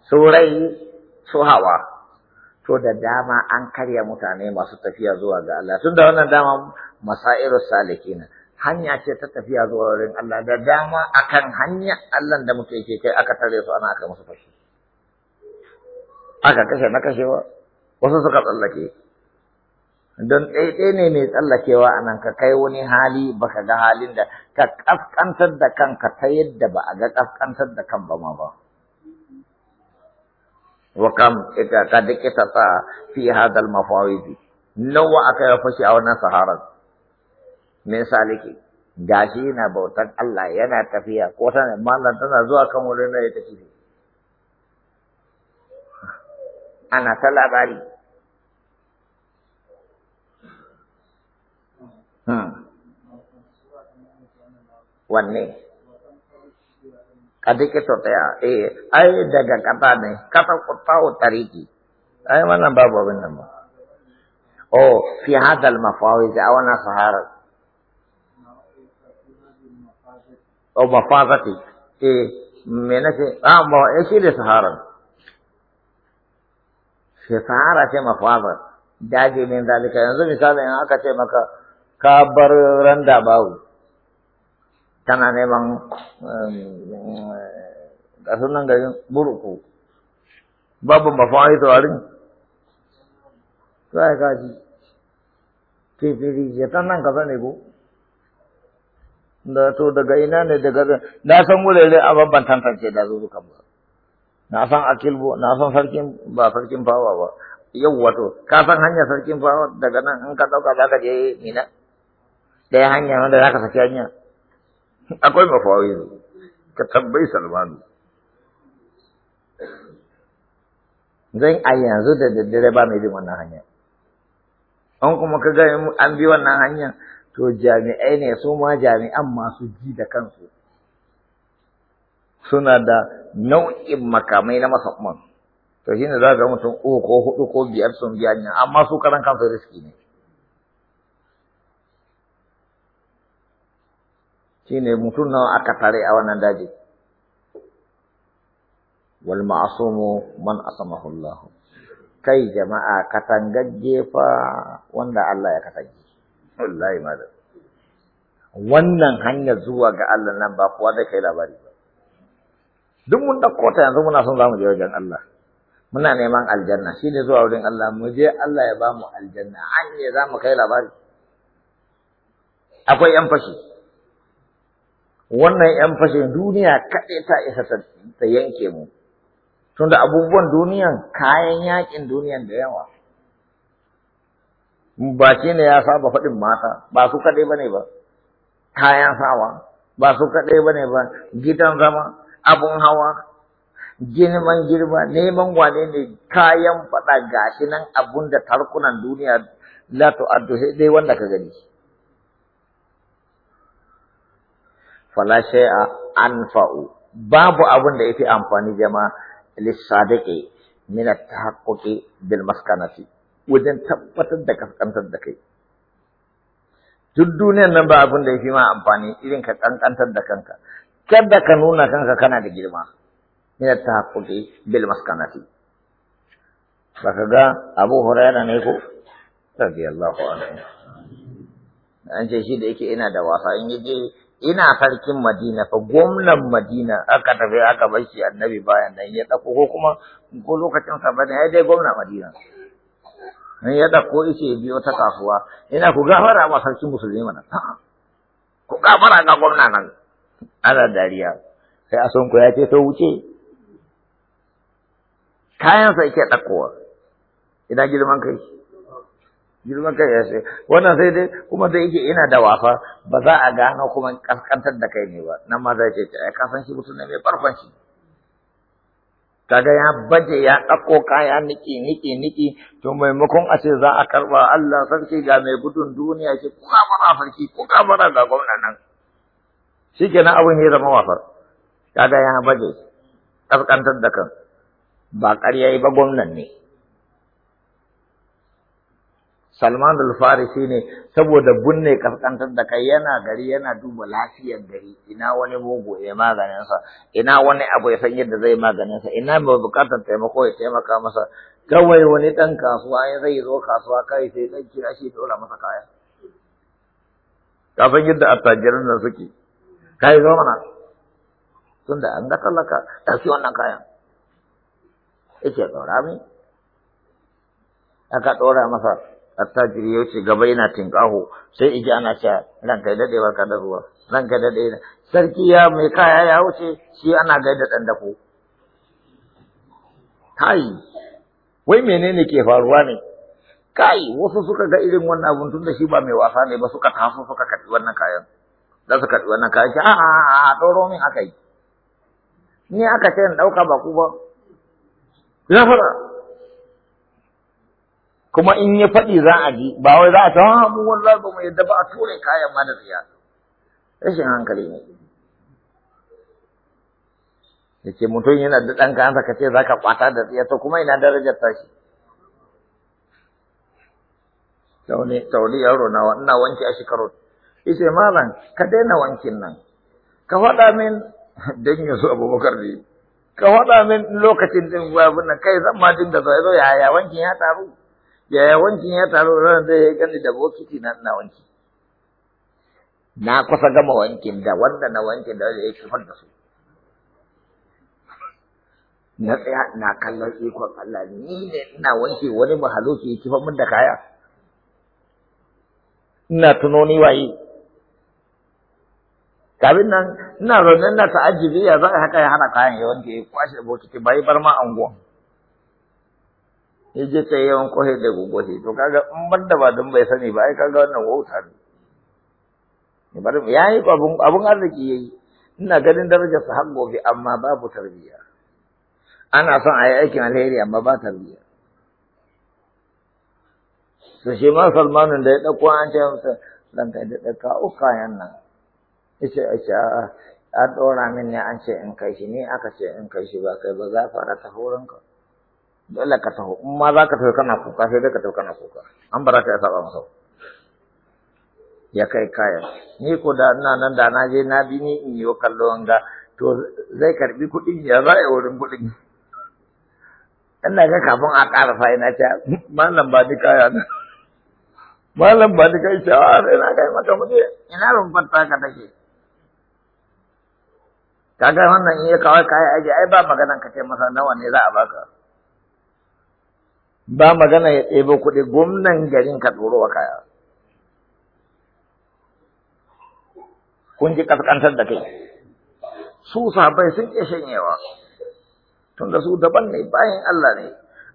su rai su hawa to da dama an karya mutane masu tafiya zuwa ga Allah tun da wannan dama masairu salikina hanya ce ta tafiya zuwa wurin Allah da dama akan hanya Allah da muke yake kai aka tare su ana aka musu fashi aka kashe na kashewa wasu suka tsallake don ɗaiɗai ne mai tsallakewa a nan ka kai wani hali baka ga halin da ka ƙasƙantar da kanka ta yadda ba a ga ƙasƙantar da kan ba ma ba wa ita ka dake ta sa fi hadal mafawidi nawa aka yi fashi a wannan saharar me nake gashi yana bautan Allah yana tafiya ko tana mallan tana zuwa kan wurin da yake tafi ana ta labari hmm. wanne kada ke sotaya eh ai daga kata ne kata tawo tariki ai wannan babu abin nan ba oh fi hadal mafawiz awana sahara او mafazati eh me nake a ba shi da sahara shi sahara ce mafaza daji min zalika yanzu misali in aka ce maka ka bar randa bawu tana neman ga sunan garin burku babu mafaza tawarin za ka ji kifiri je tan nan ka sani ko da to daga ina ne daga na san wurare a babban tantance da kan ba na san bo na san sarkin ba sarkin fawa ba yau wato ka san hanyar sarkin fawa daga nan in ka dauka za ka je mina ɗaya hanya wanda za ka saki hanya akwai mafawai ne ka tambayi salmanu zan a yanzu da daddare ba mai bin wannan hanya an kuma ka ga an bi wannan hanya to jami'ai ne su ma jami'an masu ji da kansu suna da nau'in makamai na masamman. to shine za ga mutum uku ko hudu ko biyar sun biya ne amma su karan kansu riski ne shine mutum nawa aka tare a wannan daji wal ma'sumu man asamahu Allah kai jama'a katangagge fa wanda Allah ya katange wallahi malam wannan hanya zuwa ga Allah nan ba kowa da kai labari ba duk mun dauko ta yanzu muna son zamu je wajen Allah muna neman aljanna shine zuwa wurin Allah mu je Allah ya bamu aljanna an ne zamu kai labari akwai yan fashi wannan yan fashin duniya kaɗai ta isa ta yanke mu tunda abubuwan duniyan kayan yakin duniyan da yawa baki ne ya saba faɗin mata ba su kaɗai ba ne ba kayan sawa ba su kaɗai ba ne ba gidan zama abun hawa girman girma neman wane ne kayan faɗa gashi nan abun da tarkunan duniya la adduhe dai wanda ka gani fala shay'a anfa'u babu abun da yafi amfani jama'a lissadiki min at-tahaqquqi bil maskanati wajen tabbatar da kaskantar da kai duk duniyan nan ba abin da ya fi ma amfani irin ka kankantar da kanka kada ka nuna kanka kana da girma ta hakuri bil maskanati ka ga Abu Hurairah ne ko radiyallahu anhu an ce shi da yake ina da wasa in yaje ina sarkin Madina fa gwamnan Madina aka tafi aka bar shi annabi bayan nan ya dako ko kuma ko lokacin sa bane ai dai gwamnan Madina ya ko ice biyo ta kasuwa ina ku gafara ma sarki musulmi mana ku gafara ga gwamna nan ana dariya sai ason ku ya ce to wuce kayan sa yake dakowa ina girman kai girman kai ya sai wannan sai dai kuma da yake ina da wafa ba za a gano kuma kaskantar da kai ne ba nan ma zai ce ka san shi mutum ne mai barfanci kaga ya baje ya ɗako kaya niki niki niki to maimakon a ce za a karɓa Allah sarki ga mai gudun duniya ce kuka bara sarki kuka bara ga gwamna nan shikenan abin ya zama wafar kaga ya baje kaskantar da kan ba ƙarya yi ba gwamnan ne Salman al-Farisi ne saboda bunne kaskantar da kai yana gari yana duba lafiyar gari ina wani mugu ya maganin sa ina wani abu ya san yadda zai maganin sa ina mai bukatar taimako ya taimaka masa kawai wani dan kasuwa ya zai zo kasuwa kai sai dan kira shi dora masa kaya kafin yadda attajiran nan suke kai zo mana tunda an ga talaka ɗauki wannan kayan yake ɗora min aka ɗora masa attajiri ya wuce gaba yana tinkaho sai iji ana cewa ranka daɗe ba ka da ruwa ranka daɗe sarki ya mai kaya ya wuce shi ana gaida ɗan dako kai wai menene ke faruwa ne kai wasu suka ga irin wannan abun tunda da shi ba mai wasa ne ba suka taso suka karɓi wannan kayan za su karɓi wannan kayan ce a a a ɗoro min aka yi ni aka ce in ɗauka ba ku ba ya fara kuma in ya faɗi za a ji ba wai za a ta ah, mu wallahi ba mu yadda ba a ture kayan ma da riya rashin hankali ne yace mutum yana da dan kansa ka ce za ka kwata da riya to kuma ina darajar tashi tauni tauni yaro na ina wanki a shekaru yace malam ka daina wankin nan ka faɗa min dan yasu abubakar ne ka faɗa min lokacin din babu nan kai zan ma dinga zo ya wankin ya taru yaya wankin ya taru ran da ya gani da bokiti na ina wanki na kusa gama wankin da wanda na wankin da ya kifar da su na tsaya na kallon ikon Allah ni ne ina wanke wani mahaluki ya kifar min da kaya ina tunoni waye Kabin nan ina na ta ta'ajjibi ya za haka ya hana kayan ya wanke ya kwashe bokiti bai bar ma anguwan Ni je ta yawan kwahe da gogohe to kaga in banda ba don bai sani ba ai kaga wannan wauta ne bari ya yi abun abun arziki yayi ina ganin darajar sa har gobe amma babu tarbiyya ana son a yi aikin alheri amma ba tarbiyya to shi ma Salmanin da ya ɗauko an ce masa kai da ɗauka kayan nan yace ce a ɗora min ne an ce in kai shi ne aka ce in kai shi ba kai ba za fara ta horonka dole ka taho in ma za ka taho kana kuka sai dai ka taho kana kuka an ba za ka saba masa ya kai kaya, ni ko da ina nan da na je na bi ni in yi kallo wanga to zai karbi kuɗi ya za a yi wurin kuɗin ina ga kafin a ƙara fa ina ce malam ba ni kaya na malam ba ni kai ce a ah, sai na kai maka muje ina rumfar ka take kaga wannan in ya kawai kaya aje ai ba maganan ka ce masa nawa ne za a baka ba magana ya ɗebo kuɗi gwamnan garin ka tsoro wa kaya kun ji ƙasƙantar da kai su sahabbai sun iya shanyewa tun da su daban ne bayan Allah ne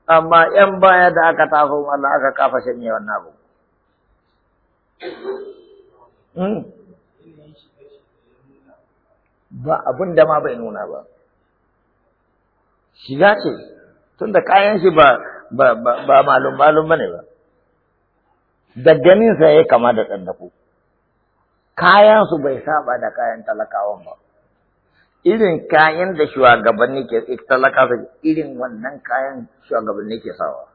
amma ‘yan baya da aka taso Allah aka kafa shanye wannan abu. Hmm. Ba abin da ma bai nuna ba. Shiga ce, tun da kayan shi ba ba ba malum malum bane ba da ganin ya kama da tsaddako kayan su bai saba da kayan talakawan ba irin kayan da shugabanni ke talaka su irin wannan kayan shugabanni ke sawa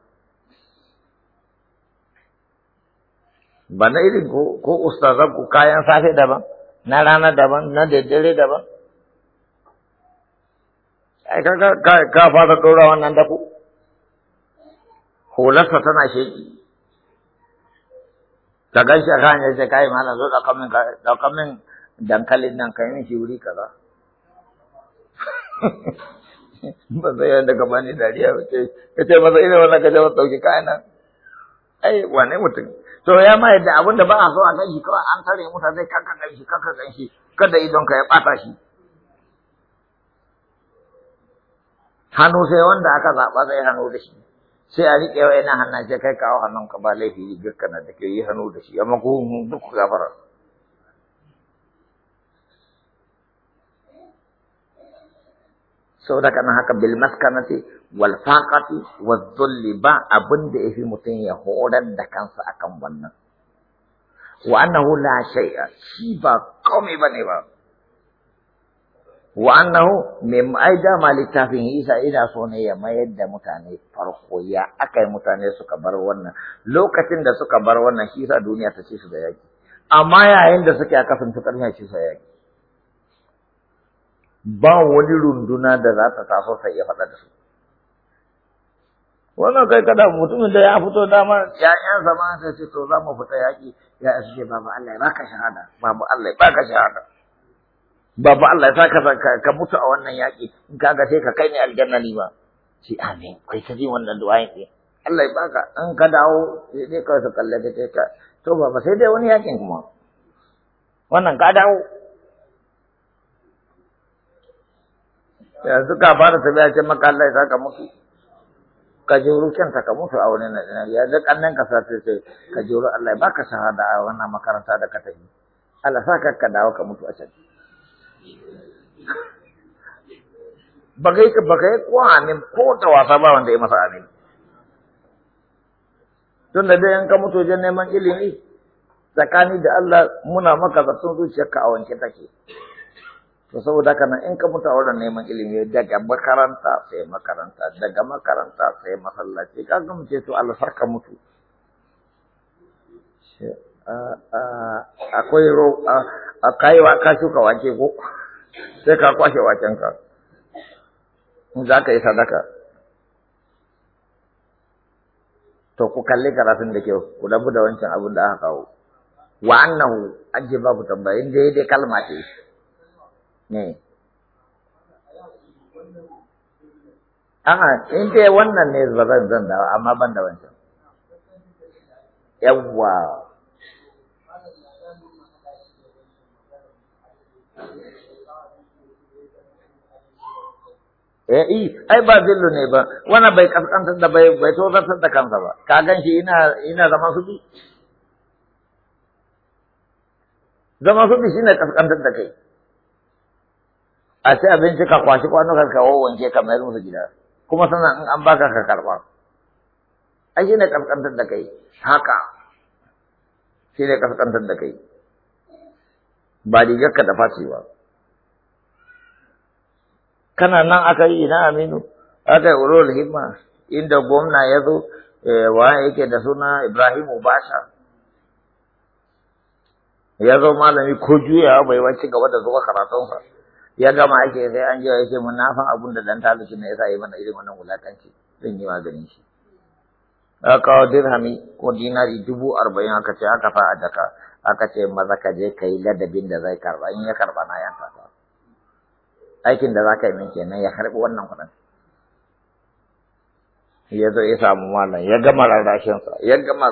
ba na irin ko ko ustazan ku kayan safe daban na rana daban na daddare daban ai kaga ka fara dora wannan da ku hularsa tana sheki ka gan shi a kan kayi ma na zo ɗaukan dankalin nan ka yi shi wuri kaza ba zai yadda ka bani dariya ba ce ka ce masa ina wannan ka ce masa ɗauki kayan nan ai wane mutum to ya ma yadda abin da ba a so a gan shi kawai an tare mutane zai kanka gan shi kanka gan shi kada idon ka ya ɓata shi hannu sai wanda aka zaɓa zai hannu da shi sai a riƙe wa ina hannun ce kai kawo hannun ka ba laifi yi na da ke yi hannu da shi amma ko duk gafara da kana haka bil maskanati wal faqati wal dhulli ba abin da yafi mutum ya horar da kansa akan wannan wa annahu la shay'a shi ba komai bane ba, ne ba. wa annahu mim littafin malittafin isa ina so ne ya mayar da mutane farko ya akai mutane suka bar wannan lokacin da suka bar wannan shi sa duniya ta ci su da yaki amma yayin da suke a kasan ta karnya yaki ba wani runduna da za ta taso sai ya faɗa da su wannan kai kada mutumin da ya fito dama zama zama sai ce to za mu fita yaki ya ce babu Allah ya baka shahada babu Allah ya baka shahada babu Allah ya saka ka mutu a wannan yaƙi in ka ga sai ka kai ni aljanna ni ba sai amin kai ta ji wannan du'a ne Allah ya baka in ka dawo sai dai ka su kalle ka ka to baba sai dai wani yaƙin kuma wannan ka dawo yanzu ka fara tafiya ce maka Allah ya saka mutu ka juru ta ka mutu a wani na ya da kannan ka sace sai ka juru Allah ya baka shahada a wannan makaranta da ka tafi Allah saka ka dawo ka mutu a can Bagai ka bagai ko amin ko ta wasa ba wanda ya masa amin. Don da dai in ka mutu neman ilimi tsakani da Allah muna maka zaton zuciyarka a wanke take. To saboda haka nan in ka mutu a wurin neman ilimi daga makaranta sai makaranta daga makaranta sai masallaci kaga mu Allah to alfarka mutu. akwai ro a wa ka shuka wake ko sai ka kwashe waken ka za ka yi sadaka to ku kalli karatun da kyau ku dabu da wancan abin da aka kawo wa annahu an ce babu tambayin daidai kalma ce ne Aha, in dai wannan ne ba zan zan amma ban da wancan. Yawwa, eh ai ba zillu ne ba wannan bai kaskantar da bai bai tozartar da kansa ba ka gan shi ina ina zama su bi zama su bi shine kaskantar da kai a ce abinci ka kwashi kwanukan ka wanke ka mayar musu gida kuma sana in an baka ka karba ai shine kaskantar da kai haka shine kaskantar da kai ba rigar ka da facewa ba kana nan aka yi ina aminu aka yi ulul himma inda gwamna ya zo eh, wa yake da suna Ibrahim basha ya zo malami ko juyawa bai wace gaba da zuwa karatunsa ya gama ake sai an jiya yake munafan abun da dan taluki na yasa yi mana irin wannan wulakanci zan yi maganin shi a kawo dirhami ko dinari dubu arba'in aka ce aka fa a daka aka ce maza ka je ka yi ladabin da zai karba in ya karba na yanka aikin da za ka yi min kenan ya karɓi wannan kuɗin ya zo ya samu malam ya gama rarrashinsa ya gama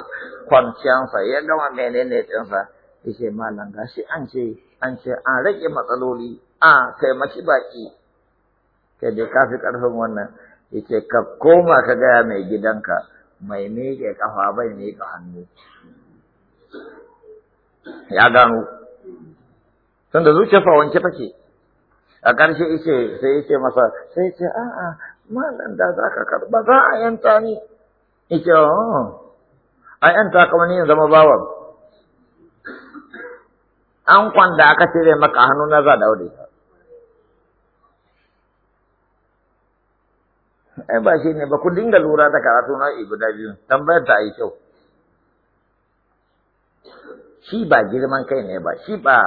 kwanciyansa ya gama menene ɗinsa ya ce malam gashi an ce an ce an rage matsaloli a taimaki baƙi kai dai ka fi ƙarfin wannan ya ce ka koma ka gaya mai gidanka mai miƙe ƙafa bai miƙe hannu ya gano tunda zuciyarsa wanke take a ƙarshe ice sai ice masa sai ce a'a malam da za ka karɓa za a yanta ni ice oh a yanta kamar ni zama bawan an kwanda aka cire maka hannu na za da ka ai ba shi ne ba ku dinga lura da karatu na guda biyu tambayar ta yi kyau shi ba girman kai ne ba shi ba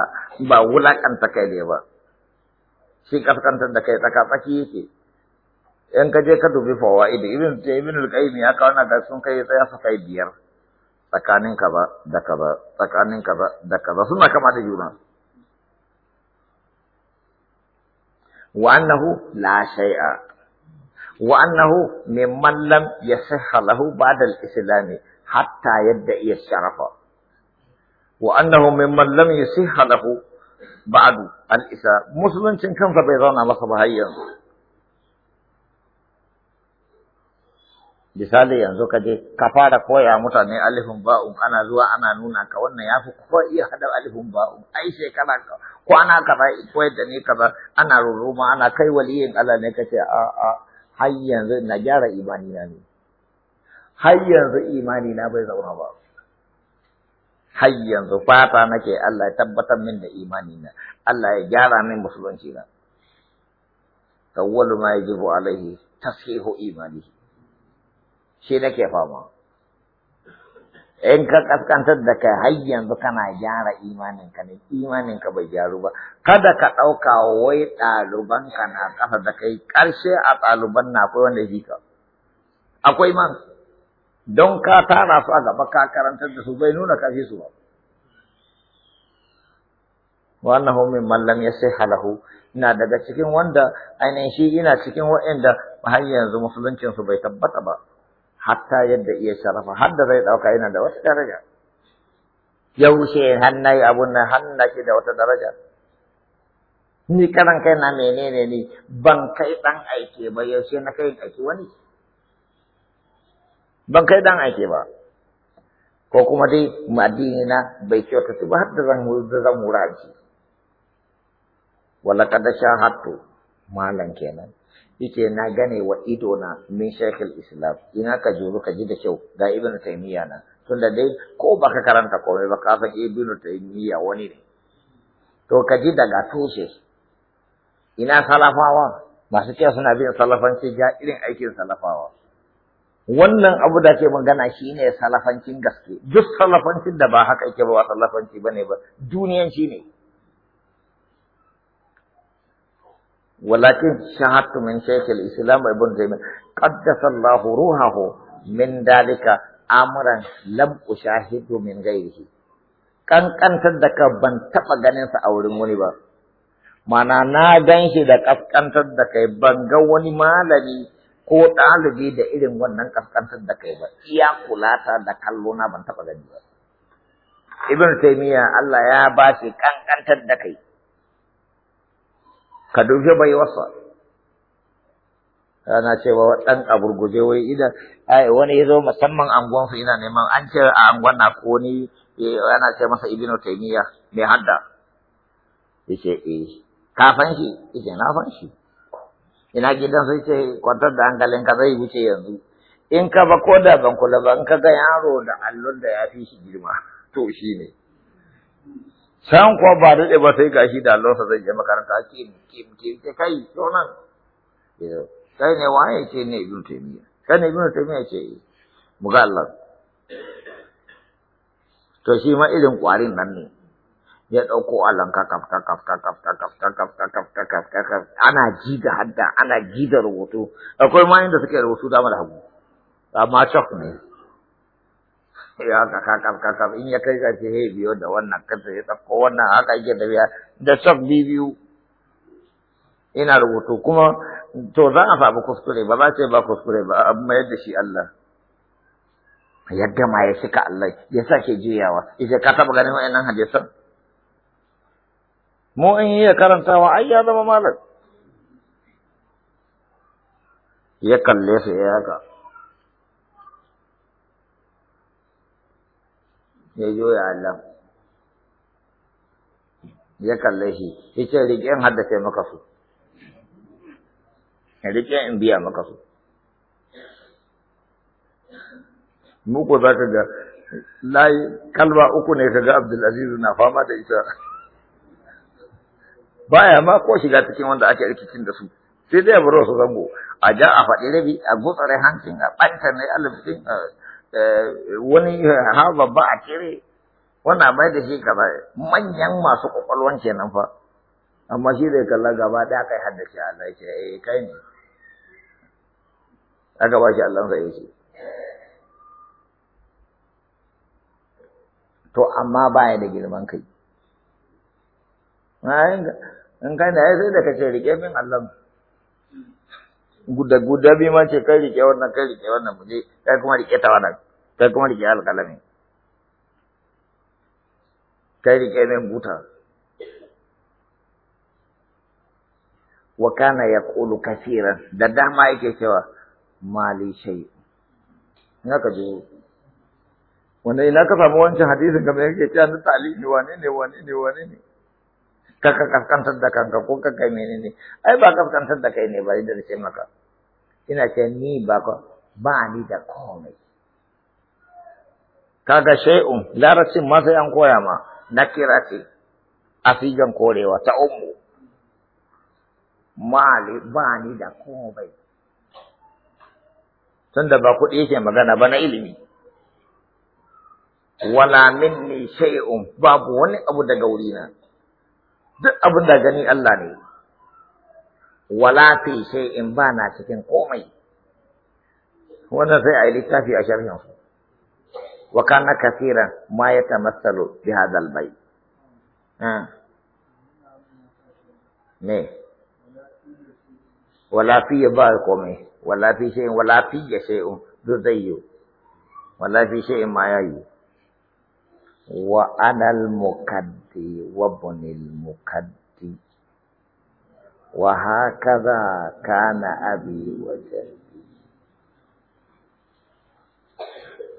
ba wulakanta kai ne ba shi kaskantar da kai tsakatsaki yake in ka je ka dubi fawaid ibn ibn al-qayyim ya kawo na ga sun kai tsaya su kai biyar tsakanin ba da ka kaza tsakanin ba da ka ba suna kama da juna wa annahu la shay'a wa annahu mimman lam yasihha lahu ba'da al-islam hatta yadda iya sharafa wa annahu mimman lam yasihha lahu ba'du al-isa musuluncin kansa bai zauna masa ba har misali yanzu ka je ka fara koya mutane alifin ba'un ana zuwa ana nuna ka wannan yafi ko iya hada alifin ba'un ai shekara kwana kaza koyar da ni kaza ana ruruma ana kai waliyin Allah ne kace a a har yanzu na gyara imani na ne har yanzu imani na bai zauna ba har yanzu fata nake Allah ya tabbatar min da imani na Allah ya gyara min musulunci na awwalu ma yajibu alaihi tashihu imani shi nake fama in ka kaskantar da kai har yanzu kana gyara imaninka ne imaninka bai gyaru ba kada ka ɗauka wai ɗalibanka na ƙasa da kai ƙarshe a ɗaliban na akwai wanda ka akwai man don ka tara su a gaba ka karantar da su bai nuna kafi su ba wa min mallam lam sai lahu ina daga cikin wanda ainihin shi ina cikin wa'anda har yanzu musuluncin su bai tabbata ba hatta yadda iya sharafa har da zai dauka ina da wata daraja yaushe hannai abun nan hanna da wata daraja ni karan kai na menene ne ban kai dan aike ba yaushe na kai aiki wani ban kai dan aiki ba ko kuma dai addini na bai su ba har da zan da zan wurarki wala kada shahattu Malam kenan yake na gane wa ido na min shaykhul islam ina ka juru ka ji da kyau ga ibnu taymiya na tunda dai ko baka karanta komai ba ka san ibnu taymiya wani ne to ka ji daga tushe ina salafawa masu kyau suna bin salafanci ga irin aikin salafawa wannan abu da ke magana shi ne salafancin gaske duk salafancin da ba haka yake ba salafanci ba ne ba duniyan shi ne walakin shahadtu min shaykhul islam ibn taymiyyah qaddasa allah ruhahu min dalika amran lam ushahidu min ghayrihi kankantar da ka ban taba ganin sa a wurin wani ba mana na gan shi da kaskantar da kai ban ga wani malami ko ɗalibi da irin wannan kaskantar da kai ba iya kulata da kallo na ban taɓa gani ba ibn taymiya Allah ya ba shi kankantar da kai ka dubi bai wasa ana cewa ɗan kaburguje wai idan wani ya zo musamman su ina neman an ce a anguwan na ko ni eh, ana ce masa ibn taymiya mai hadda yace eh ka fanshi? shi yace na fanshi. ina gidan sai ce kwantar da hankalin ka zai wuce yanzu in ka ba ko da ban kula ba in ka ga yaro da allon da ya fi shi girma to shi ne san kuwa ba daɗe ba sai gashi da allonsa zai je makaranta kim kim ke ke kai nan kai ne waye ce ne ibn taymiya kai ne ibn taymiya ce mu ga Allah to shi ma irin kwarin nan ne ya ɗauko allon kakaf kakaf kakaf kakaf kakaf kakaf kakaf kakaf ana ji da hadda ana ji da rubutu akwai mayan da suke rubutu dama da hagu amma chok ne ya ka kakaf kakaf in ya kai ka ce he biyo da wannan kansa ya ɗauko wannan haka yake tafiya da chok biyu ina rubutu kuma to za a faɓi kuskure ba za ce ba kuskure ba a mayar da shi Allah ya gama ya shika Allah ya sake juyawa ya ka taɓa ganin wa'annan hadisan mu in yi ya karantawa ai ya zama malam ya kalle su ya haka ya joya Allah ya kalle shi ya ce riƙen haddace maka su riƙen in biya maka su muku za ka ga layi kalba uku ne ka ga Abdulaziz na fama da ita baya ma ko shiga cikin wanda ake rikicin da su sai dai bar su zango a ja a faɗi rabi a gutsare hankin a ɓanta ne alifin e, wani ha babba a cire wannan bai da shi kaza manyan masu kwakwalwan kenan fa amma shi zai kalla gaba ɗaya kai haddace Allah ya ce eh kai ne aka ba shi Allah sai ce to amma baya da girman kai in kai na sai da ce rike min Allah guda guda bi ma ce kai rike wannan kai rike wannan muje kai kuma rike ta wannan kai kuma rike alƙalami kai rike min buta wa kana yaqulu kaseeran da dama yake cewa mali shay ina ka je wannan ina ka samu wancan hadisin kamar yake cewa na talib wane ne wane ne wane ne ka ka kaskantar da kanka ko ka kai menene ai ba kaskantar da kai ne ba idan ce maka ina ce ni ba ka ba ni da komai kaga shay'un larabcin ma sai an koya ma nakira ce asijan korewa ta ummu mali ba ni da komai tunda ba kuɗi yake magana ba na ilimi wala minni shay'un babu wani abu daga wurina duk abin da gani Allah ne wala fi in ba na cikin komai wannan sai a yi littafi a sharhin su wa kana kasira ma yatamassalu bi hadal bayt ne wala fi ba komai wala fi in wala fi in, duk zai yi wala fi in ma yayi mukaddi, wa وابن المكدي وهكذا كان أبي وجدي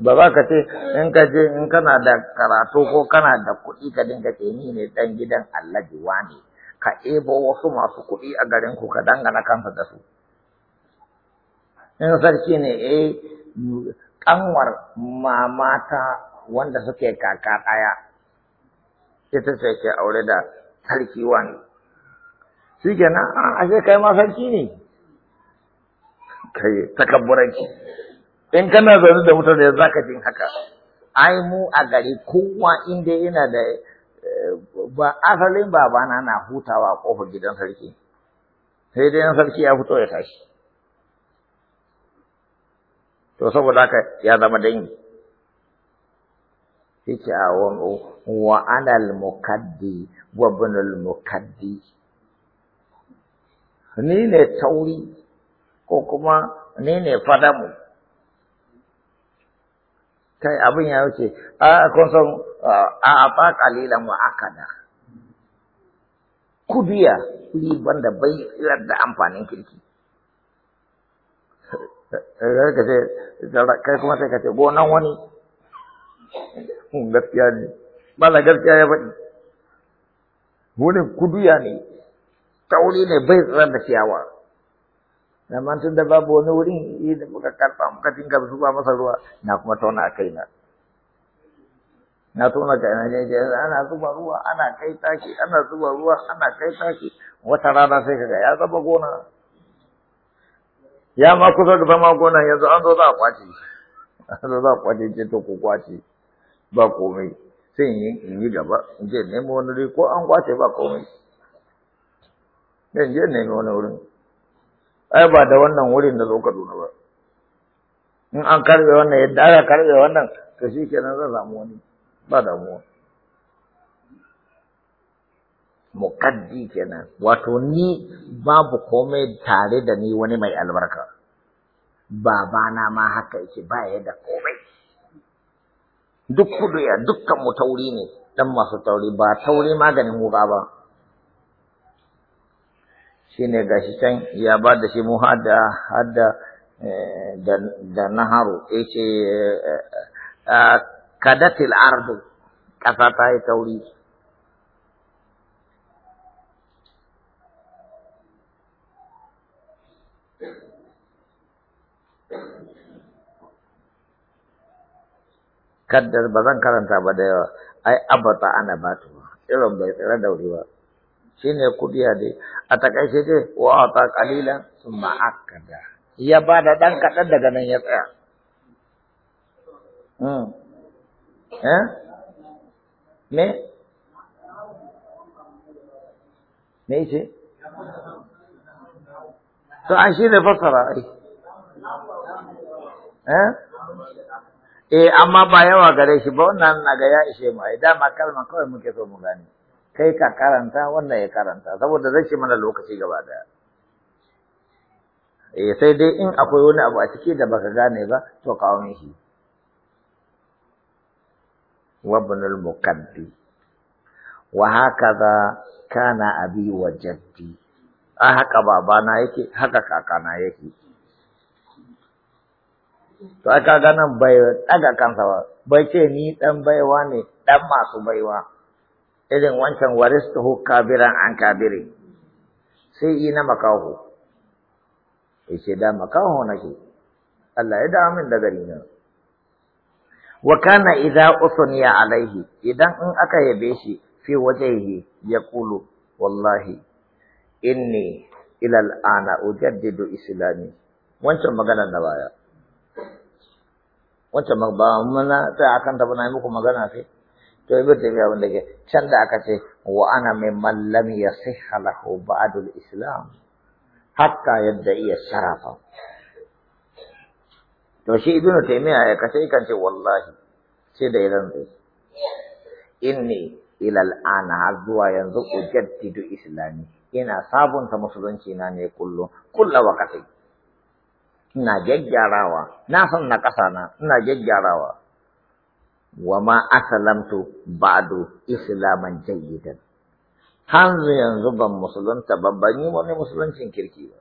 ba za ka ce in ka je in kana da karatu ko kana da kuɗi ka dinga ce ni ne ɗan gidan Alhaji ne ka ebo wasu masu kuɗi a garin ku ka dangana kansa da su in sarki ne eh kanwar mamata wanda suke kaka ɗaya ita ce ke aure da sarki wani shi kenan a ashe kai ma sarki ne kai takabburanci in kana zaune da mutane za ka jin haka ai mu a gari kowa inda yana da eh, ba asalin babana na hutawa a kofar gidan sarki sai dai sarki ya fito ya tashi to saboda haka ya zama dangi yake ce a wa anal mukaddi wa bunul mukaddi ni ne tauri ko kuma ni ne fadamu kai abin ya wuce a kun san a afa kalila wa akada kudiya riban da bai da amfanin kirki kai kuma sai ka ce gonan wani gaskiya ne na gaskiya ya faɗi wurin kuduya ne tauri ne bai tsara da ciyawa zaman tun da babu wani wurin idan muka karɓa muka dinga ba masa ruwa na kuma tauna a kai na Na tona ga ina je ana zuba ruwa ana kai taki ana zuba ruwa ana kai taki wata rana sai kaga ya zama gona ya ma kusa da zama gona yanzu an zo za a kwace an zo za a kwace ce to ku kwace ba komai sai in yi gaba in je nemo wani wuri ko an kwace ba komai zan je nemo wani wurin ai ba da wannan wurin da zo Kaduna ba in an karbe wannan yadda aka karbe wannan to shi kenan zan samu wani ba damuwa muqaddi kenan wato ni babu komai tare da ni wani mai albarka babana ma haka yake ba ya da komai duk kudu ya dukkan mu tauri ne dan masu tauri ba tauri maganin wuka ba shine gashi can ya ba da shi mu hada hada eh, da da naharu yace eh, eh, kadatil ardu kasa ta yi tauri kaddar ba zan karanta ba da yawa ai abata ana ba ta irin bai tsira da wuri ba shi shine kudiya dai a takaice dai wa a ta qalilan thumma ma'akada ya ba da ɗan kaɗan daga nan ya tsaya hmm. eh? me me ce to an shine fasara ai eh eh amma ba yawa gare shi ba wannan na ga ya ishe mu ai dama kalma kawai muke so mu gani kai ka karanta wannan ya karanta saboda zai ce mana lokaci gaba daya eh sai dai in akwai wani abu a ciki da baka gane ba to kawo min shi wabnul mukaddi wa hakaza kana abi wa jaddi a haka babana yake haka kakana yake to aka nan bai daga kansa ba bai ce ni dan baiwa ne dan masu baiwa irin wancan waristuhu kabiran an kabiri sai ina makaho ya ce da makaho nake Allah ya dawo min da gari na wa kana idza usniya alaihi idan in aka yabe shi fi wajhihi yaqulu wallahi inni ila al-ana ujaddidu islami wancan maganar na baya wancan ba mana ta akan ta bana muku magana sai to ibn tabiya wanda ke can da aka ce wa ana mimman ya yasihha lahu ba'dul islam hatta yadda iya sharafa to shi ibnu taymiya ya kace kan ce wallahi sai da idan zai inni ila al'ana har zuwa yanzu ujaddidu islami ina sabunta musulunci na ne kullum kullu wakati ina gyaggyarawa na san na ƙasa na ina gyaggyarawa wa ma asalamtu ba'du islaman jayyidan hanzu yanzu ban musulunta ba ban yi wani musuluncin kirki ba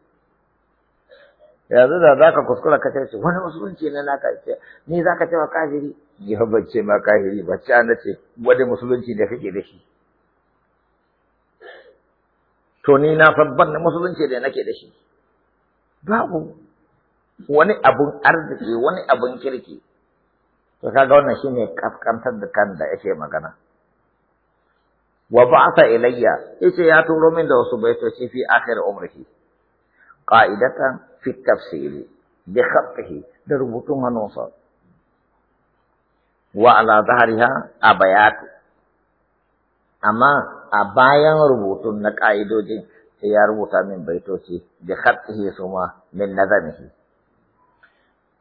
yanzu da za ka kuskura ka ce wani musulunci ne na ce ni za ka ce wa kafiri ya ban ce ma kafiri ba ce an ce wani musulunci da kake da shi to ni na san ban musulunci da nake da shi babu wani abun arziki wani abun kirki to kaga wannan shine kafkantar da kan da yake magana wa ba'atha ilayya yace ya turo min da wasu baitoci fi akhir umrihi qa'idatan fi tafsiri bi khattihi da rubutun hannunsa wa ala dhahriha abayat amma a bayan rubutun na ka'idojin sai ya rubuta min baitoci bi khattihi suma min nazamihi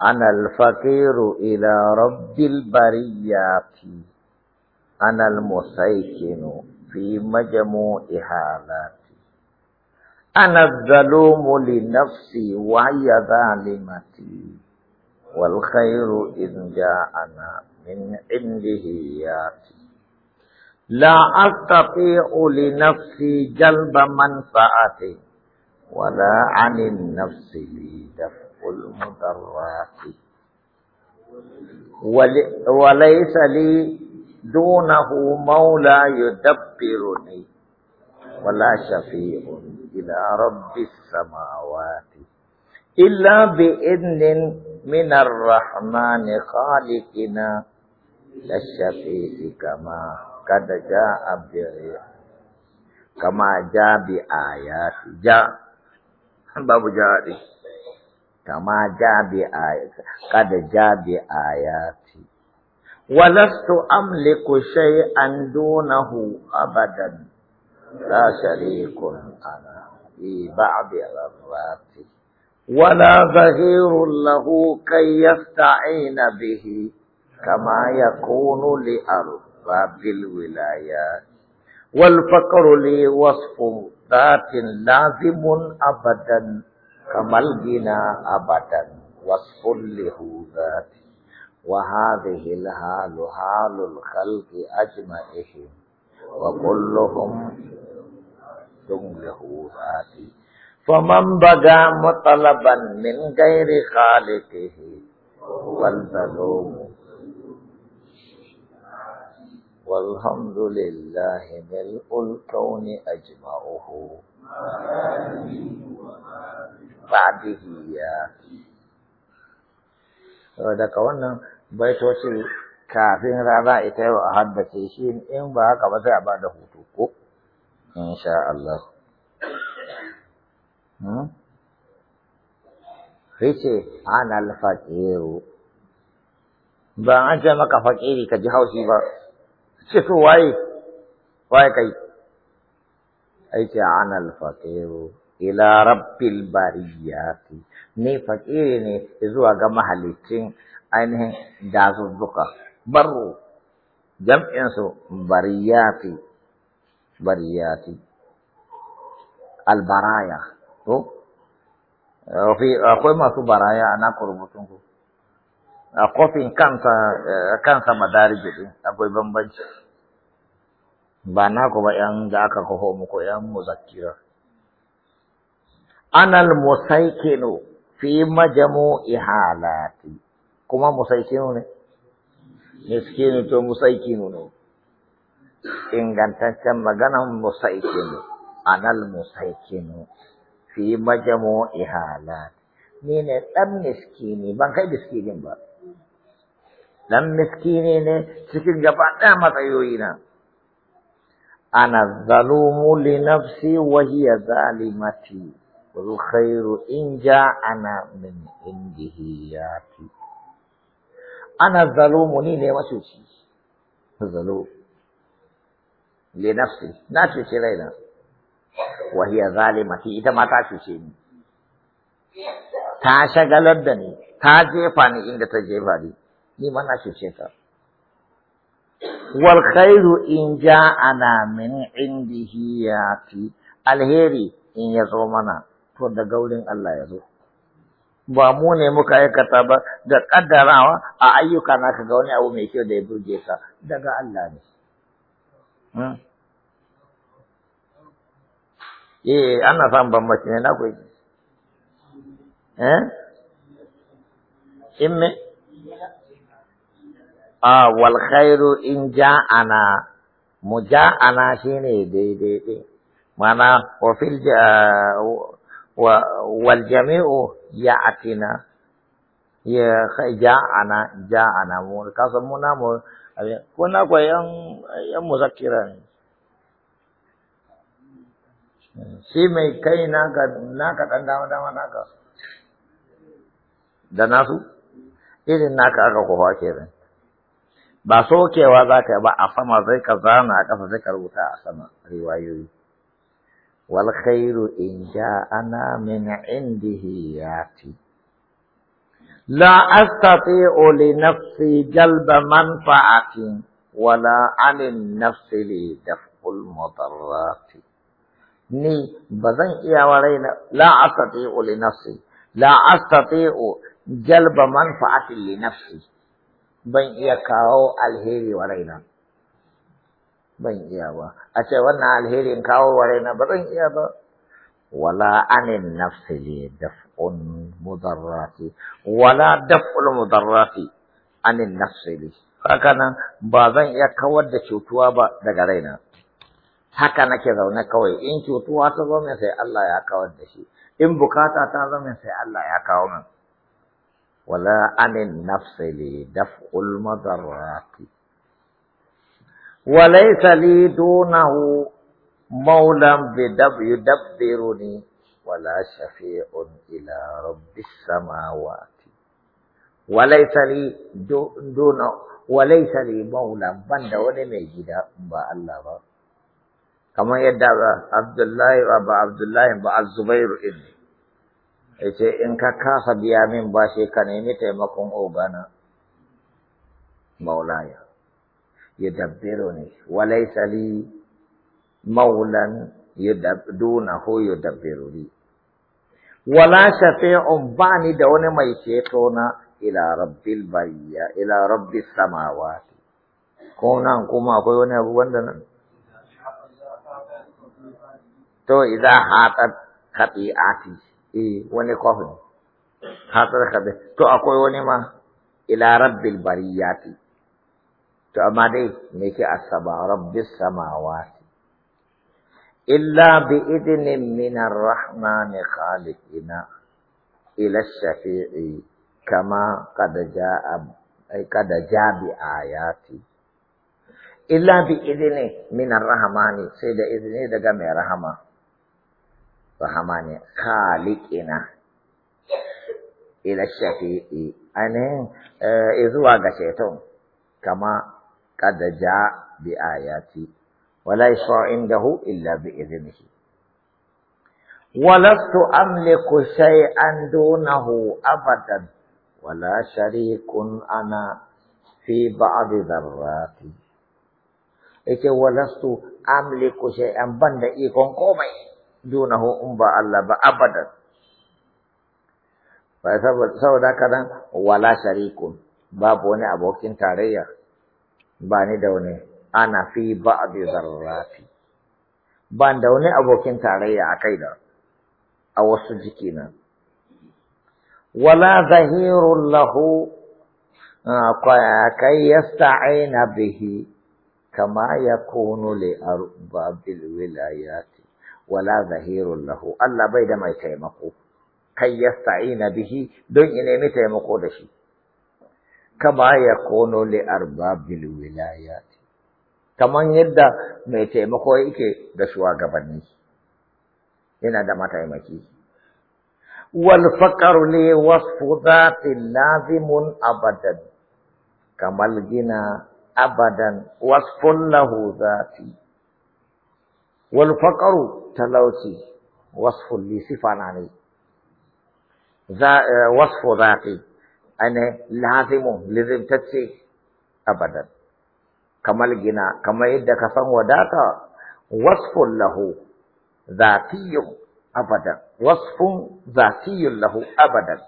أنا الفقير إلى رب البريات أنا المسيكن في مجموع حالاتي أنا الظلوم لنفسي وهي ظالمتي والخير إن جاءنا من عنده ياتي لا أستطيع لنفسي جلب منفعة ولا عن النفس لي دفع المدرات وليس لي دونه مولى يدبرني ولا شفيع إلى رب السماوات إلا بإذن من الرحمن خالقنا للشفيع كما قد جاء كما جاء بآيات جاء باب جاء كما جاء بآيات قد جاء بآياتي ولست أملك شيئا دونه أبدا لا شريك أنا في بعض الأمرات ولا ظهير له كي يستعين به كما يكون لأرباب الولايات والفقر لي وصف ذات لازم أبدا كمال الغنى أبدا وصف ذات وهذه الحال حال الخلق أجمعهم وكلهم له ذات فمن بغى مطلبا من غير خالقه هو والحمد لله ملء الكون أجمعه ba'dihi ya daga wannan baitoci kafin rana ita yau a haddace shi in ba haka ba sai a ba da hutu ko insha Allah Rice hmm? ana alfaƙiru ba an ce maka faƙiri ka ji haushi ba ce to waye waye kai aiki an alfaqiru ila rabbil bariyati ne fakiri ne zuwa ga mahalicin ainihin dazuzzuka barro jam'insu bariyati bariyati albaraya to akwai masu baraya a naku rubutun ku a kofin kansa eh, madari akwai bambanci banako ba yan da aka kaho muku yan muzakkira anal musaikinu fi majmu'i halati kuma musaikinu ne miskinu to musaikinu no ingantaccen maganan musaikinu anal musaikinu fi majmu'i halati ni ne dan miskini ban kai miskinin ba dan miskini ne cikin gaba daya matsayoyi na ana zalumu li nafsi wa hiya zalimati wal khairu in ana min indihi yati ana zalumu ni ne masuci zalu li nafsi na ce laina. wa hiya zalimati ita ma ta cuce ni ta shagalar da ni ta jefa ni inda ta jefa ni ni ma na cuce ka wal khairu in ana min indihi fi, alheri in ya zo mana to daga wurin Allah ya zo ba mu ne muka aikata ba da ƙaddarawa a ayyuka na ka ga wani abu mai kyau da ya burge ka daga Allah ne eh ana samun bambanci ne na kuwa eh in a ah, wal khairu in ja'ana mu ja'ana shine daidai din mana wa fil wal jami'u ya'tina ya ja'ana ja'ana mu kasan mu namu ko na ko yan yan muzakkira ne shi mai kai naka naka dan dama dama naka da nasu irin naka aka kofa kenan ba sokewa za ka ba a sama zai ka zana a ƙasa zai ka rubuta a sama riwayoyi wal khairu in ja ana min indihi yati la astati'u li nafsi jalba manfa'atin wala anin nafsi li daf'ul mudarrati ni bazan iya wa raina la astati'u li nafsi la astati'u jalba manfa'atin li nafsi ban iya kawo alheri wa raina ban iya ba a ce wannan alherin kawo wa raina ba zan iya ba wala anin nafsi li daf'un mudarrati wala daf'ul mudarrati anin nafsi li haka nan ba zan iya kawar da cutuwa ba daga raina haka nake zaune kawai in cutuwa ta zo min sai Allah ya kawar da shi in bukata ta zo min sai Allah ya kawo min ولا عن النفس لي دفع المضرات وليس لي دونه مولى بدب يدبرني ولا شفيع إلى رب السماوات وليس لي دونه وليس لي مولى بند ونمي جدا با الله با كما يدعى عبد الله وابا عبد الله وابا الزبير إني yace in ka kasa biya min ba shi ka nemi taimakon ogana maulaya yudabbiruni ne laysa li maulan yudabdunahu yudabbiruni wala shafi'un bani da wani mai ceto na ila rabbil bariya ila rabbis samawati ko nan kuma akwai wani abu wanda nan to idza hatat khati'ati e wani kofin hasar kabe to akwai wani ma ila rabbil bariyati to amma dai me ke asaba rabbis samawati illa bi idnin min arrahmani khaliqina ila shafi'i kama qad jaa ay qad jaa bi ayati illa bi idnin min arrahmani sai da izini daga mai rahama فهماني خالقنا إلى الشفيء أنا آه، إذ وقشيتم كما قد جاء بآياتي ولا يشفع عنده إلا بإذنه ولست أملك شيئا دونه أبدا ولا شريك أنا في بعض ذراتي yake ولست أملك شيئا بند da ikon dunahu in ba Allah ba abadan saboda haka nan wala shariku. babu wani abokin tarayya ba ni da wani ana fi ba'di zarrati ba da wani abokin tarayya a kai da a wasu jikina wala zahirun lahu kai yasta'ina bihi kama yakunu li arbabil wilayati ولا ظهير له الله بيد ما يتيمقو كي يستعين به دون ان يتيمقو دشي كما يكون لارباب الولايات كما يدى ما يتيمقو ايكي دشوا قبرني هنا دا ما تيمكي والفقر لي وصف ذات لازم ابدا كما الجنا ابدا وصف له ذاتي والفقر تلوسي وصف لي صفة علي آه، وصف ذاتي أنا لازم لازم تتسي أبدا كما لقنا كما يدك كسم وداتا وصف له ذاتي أبدا وصف ذاتي له أبدا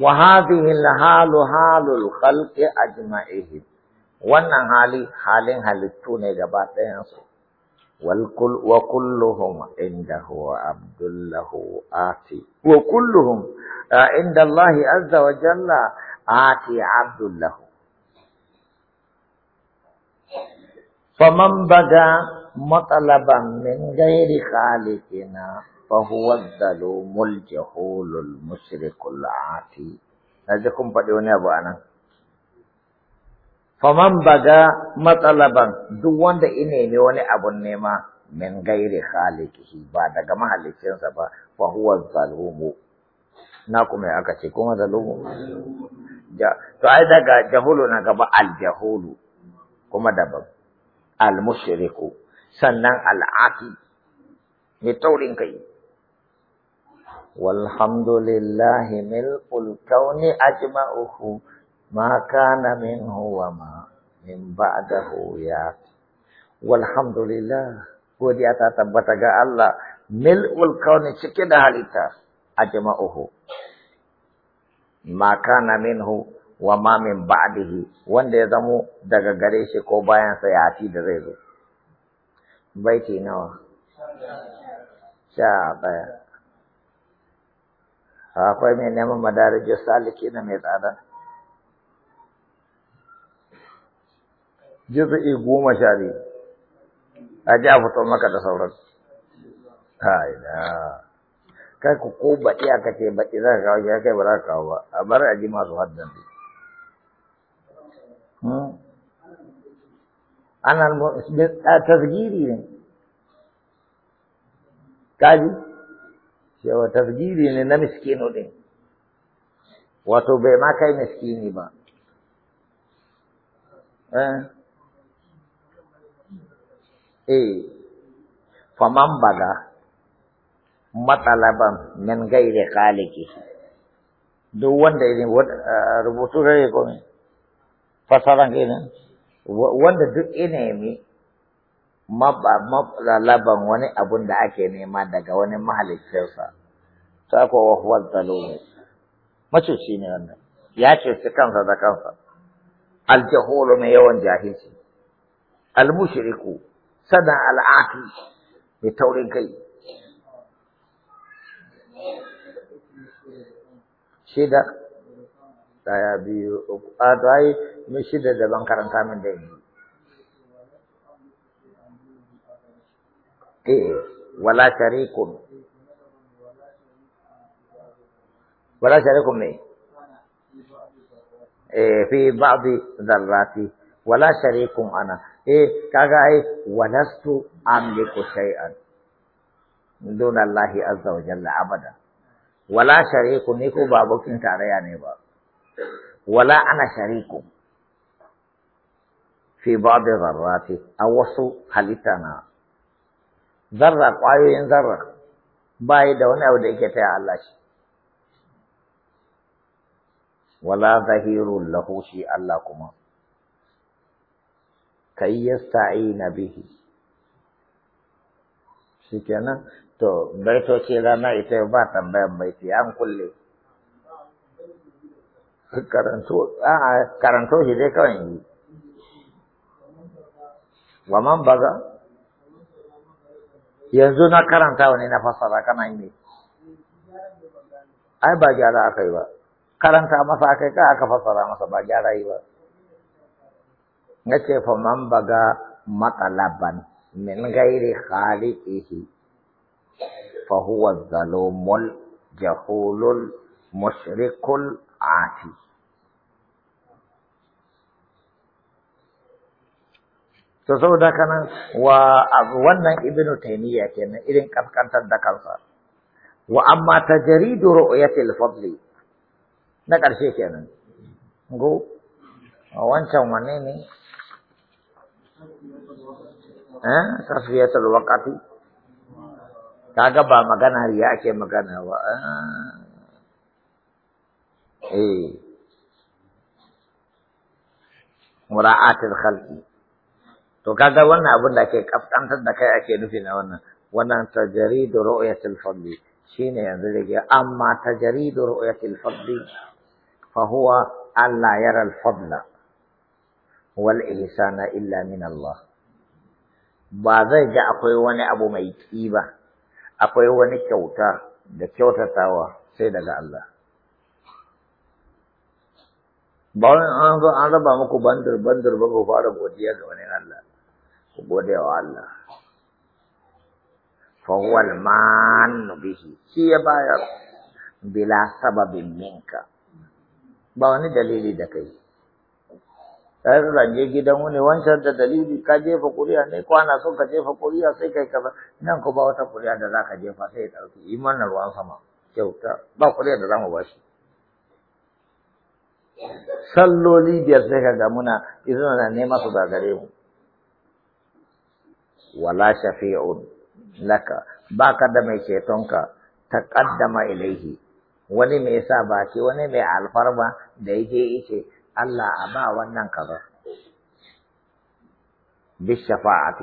وهذه الحال حال الخلق أجمعهم wannan hali halin halittu ne gaba ɗayan su wal kul wa kulluhum indahu abdullahu ati wa kulluhum inda Allah azza wa jalla ati abdullahu faman baga matalaban min ghairi khaliqina fa huwa ad-dalumul jahulul mushrikul ati naje kun faɗi faman baga matsalaban duk wanda ina nemi wani abun nema min gairi khaliqihi ba daga mahaliccinsa ba fa huwa zalumu na kuma aka ce kuma zalumu ja to ai daga jahulu na gaba al jahulu kuma daban al mushriku sannan al ati ne taurin kai والحمد لله ملء الكون أجمعه ما كان منه وما من بعده ياتي والحمد لله godiya ta tabbata ga Allah mil'ul kauni cike da halitta a jama'uhu ma kana minhu wa ma min ba'dihi wanda ya zamo daga gare shi ko bayan sa ya ci da zai zo baiti nawa sha baya. akwai mai neman madarajin saliki na mai tsada juz'i goma sha biyu a ji a fito maka da sauran haida kai ku ko baɗi aka ce baɗi za ka kawo shi kai ba za ka kawo ba a bar a ji masu haddan ana tasgiri ne kaji cewa tasgiri ne na miskino ne, wato bai ma kai miskini ba eh eh faman baga matsalaban min gaire kaliki duk wanda ya rubutu rai ko ne fasaran kenan wanda duk ya nemi matsalaban wani abun da ake nema daga wani mahaliccinsa ta kuwa wahuwar zalomi shi ne wanda ya ce cuci kansa da kansa aljahulu mai yawan jahilci almushriku sana al'afi mai taurin kai shida daya biyu uku a to ai min shida da ban karanta min da yanzu eh, Ke, wala sharikun. wala sharikun ne eh fi ba'di zarrati, wala sharikun ana eh kaga ai walastu amliku shay'an dun Allahi azza wa jalla abada wala shariku ni ko ba abokin tarayya ne ba wala ana shariku fi ba'di dharrati aw wasu halitana zarra kwayoyin zarra bai da wani abu da yake taya Allah shi wala zahirul lahu shi Allah kuma kai na bihi kenan to baitoci rana ita ba tambayan baiti an kulle karanto shi dai kawai yi wa man baga yanzu na karanta wani na fassara kana yi ai ba gyara aka yi ba karanta masa aka yi ka aka fassara masa ba gyara yi ba na fa man baga matsalaban min gairi khaliqihi fa huwa zalumul jahulul mushrikul ati to da kana wa wannan ibnu taymiya kenan irin kaskantar da kansa wa amma tajridu ru'yatil fadli na ƙarshe kenan go wancan wanne ne eh tasfiyatul waqti kaga ba magana riya ake magana wa eh. eh mura'atul khalqi to kaga wannan abin da ke kaskantar da kai ake nufi na wannan wannan tajridu ru'yatul fadli shine yanzu da ke amma tajridu ru'yatul fadli fa huwa Allah yara al-fadla والإحسان إلا من الله بعضي جاء قيوان أبو ميت إيبا أقيوان كوتا دا كوتا تاوى سيدة الله بعضي أنا أنا بامكو بندر بندر بامكو فارب وديا كواني الله وديا الله فهو المان به هي بلا سبب منك بغني دليلي دكي sai ka je gidan wani wancan da dalili ka jefa kuri'a ne ko ana son ka jefa kuri'a sai kai ka nan ko ba wata kuri'a da zaka jefa sai ya dauki imanin ruwan sama kyauta ba kuri'a da zamu bashi salloli biyar sai ka ga muna izina na nema su gare mu wala shafi'un laka baka da mai ka taqaddama ilaihi wani mai sa baki wani mai alfarma da yake yake Allah abah wanang kaza. بالشفاعة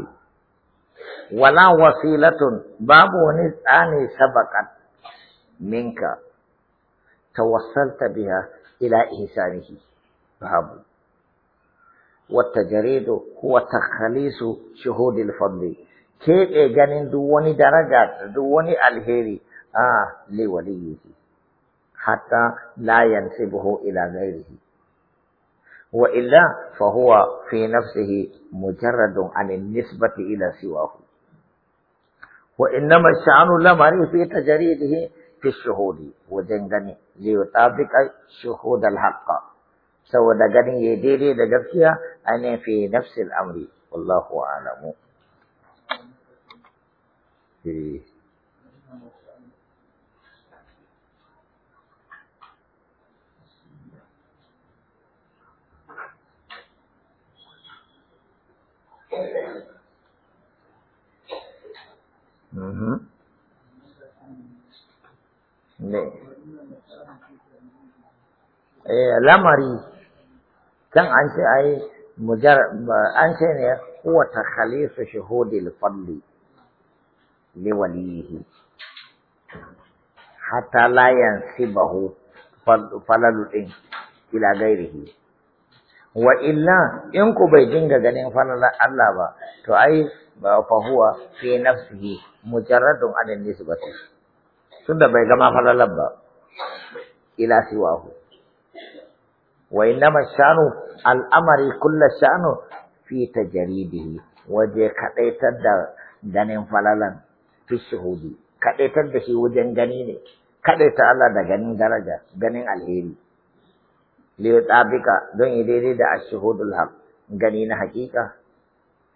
ولا وسيلة babu nizani sabakat منك توصلت بها إلى إحسانه بهابو والتجريد هو تخليص شهود الفضل كيف إيجان دواني درجات دواني الهيري آه لوليه حتى لا ينسبه إلى غيره وإلا فهو في نفسه مجرد عن النسبة إلى سواه وإنما الشأن لمري في تجريده في الشهود وجنغني ليطابق شهود الحق سو دقني يديري daidai أنا في نفس الأمر والله أعلم amri إيه. lamari kan an ce ai mujar an ce ne huwa takhalisu shuhudil fadli li walihi hatta la yansibahu falalu din ila gairihi wa illa in ku bai dinga ganin fannin Allah ba to ai ba fa huwa fi nafsihi mujarradun an nisbati tunda bai gama fannin ba ila siwahu wa innama shanu al'amari kullu shanu fi tajridihi waje kadaitar da ganin falalan fi shuhudi kadaitar da shi wajen gani ne kadaita Allah da ganin daraja ganin alheri liyutabika don yi daidai da ashuhudul haq gani na hakika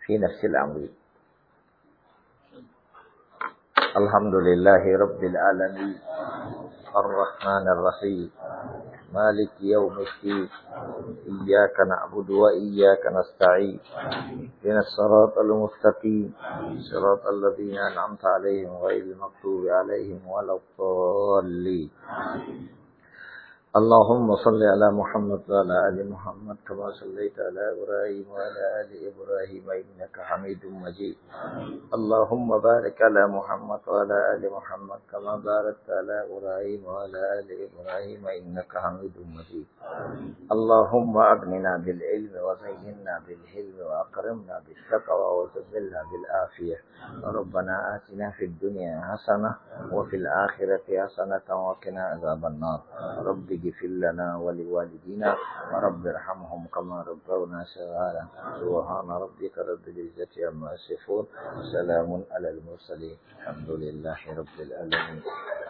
fi nafsil amri alhamdulillahi rabbil alamin الرحمن الرحيم مالك يوم الدين إياك نعبد وإياك نستعين إن الصراط المستقيم صراط الذين أنعمت عليهم غير المغضوب عليهم ولا الضالين اللهم صل على محمد وعلى آل محمد كما صليت على إبراهيم وعلى آل إبراهيم إنك حميد مجيد اللهم بارك على محمد وعلى آل محمد كما باركت على إبراهيم وعلى آل إبراهيم إنك حميد مجيد اللهم أغننا بالعلم وزيننا بالحلم وأكرمنا بالتقوى وزلنا بالعافية ربنا آتنا في الدنيا حسنة وفي الآخرة حسنة وقنا عذاب النار ربي اغفر لنا ولوالدينا ورب ارحمهم كما ربونا صغارا سبحان ربك رب العزة عما يصفون وسلام على المرسلين الحمد لله رب العالمين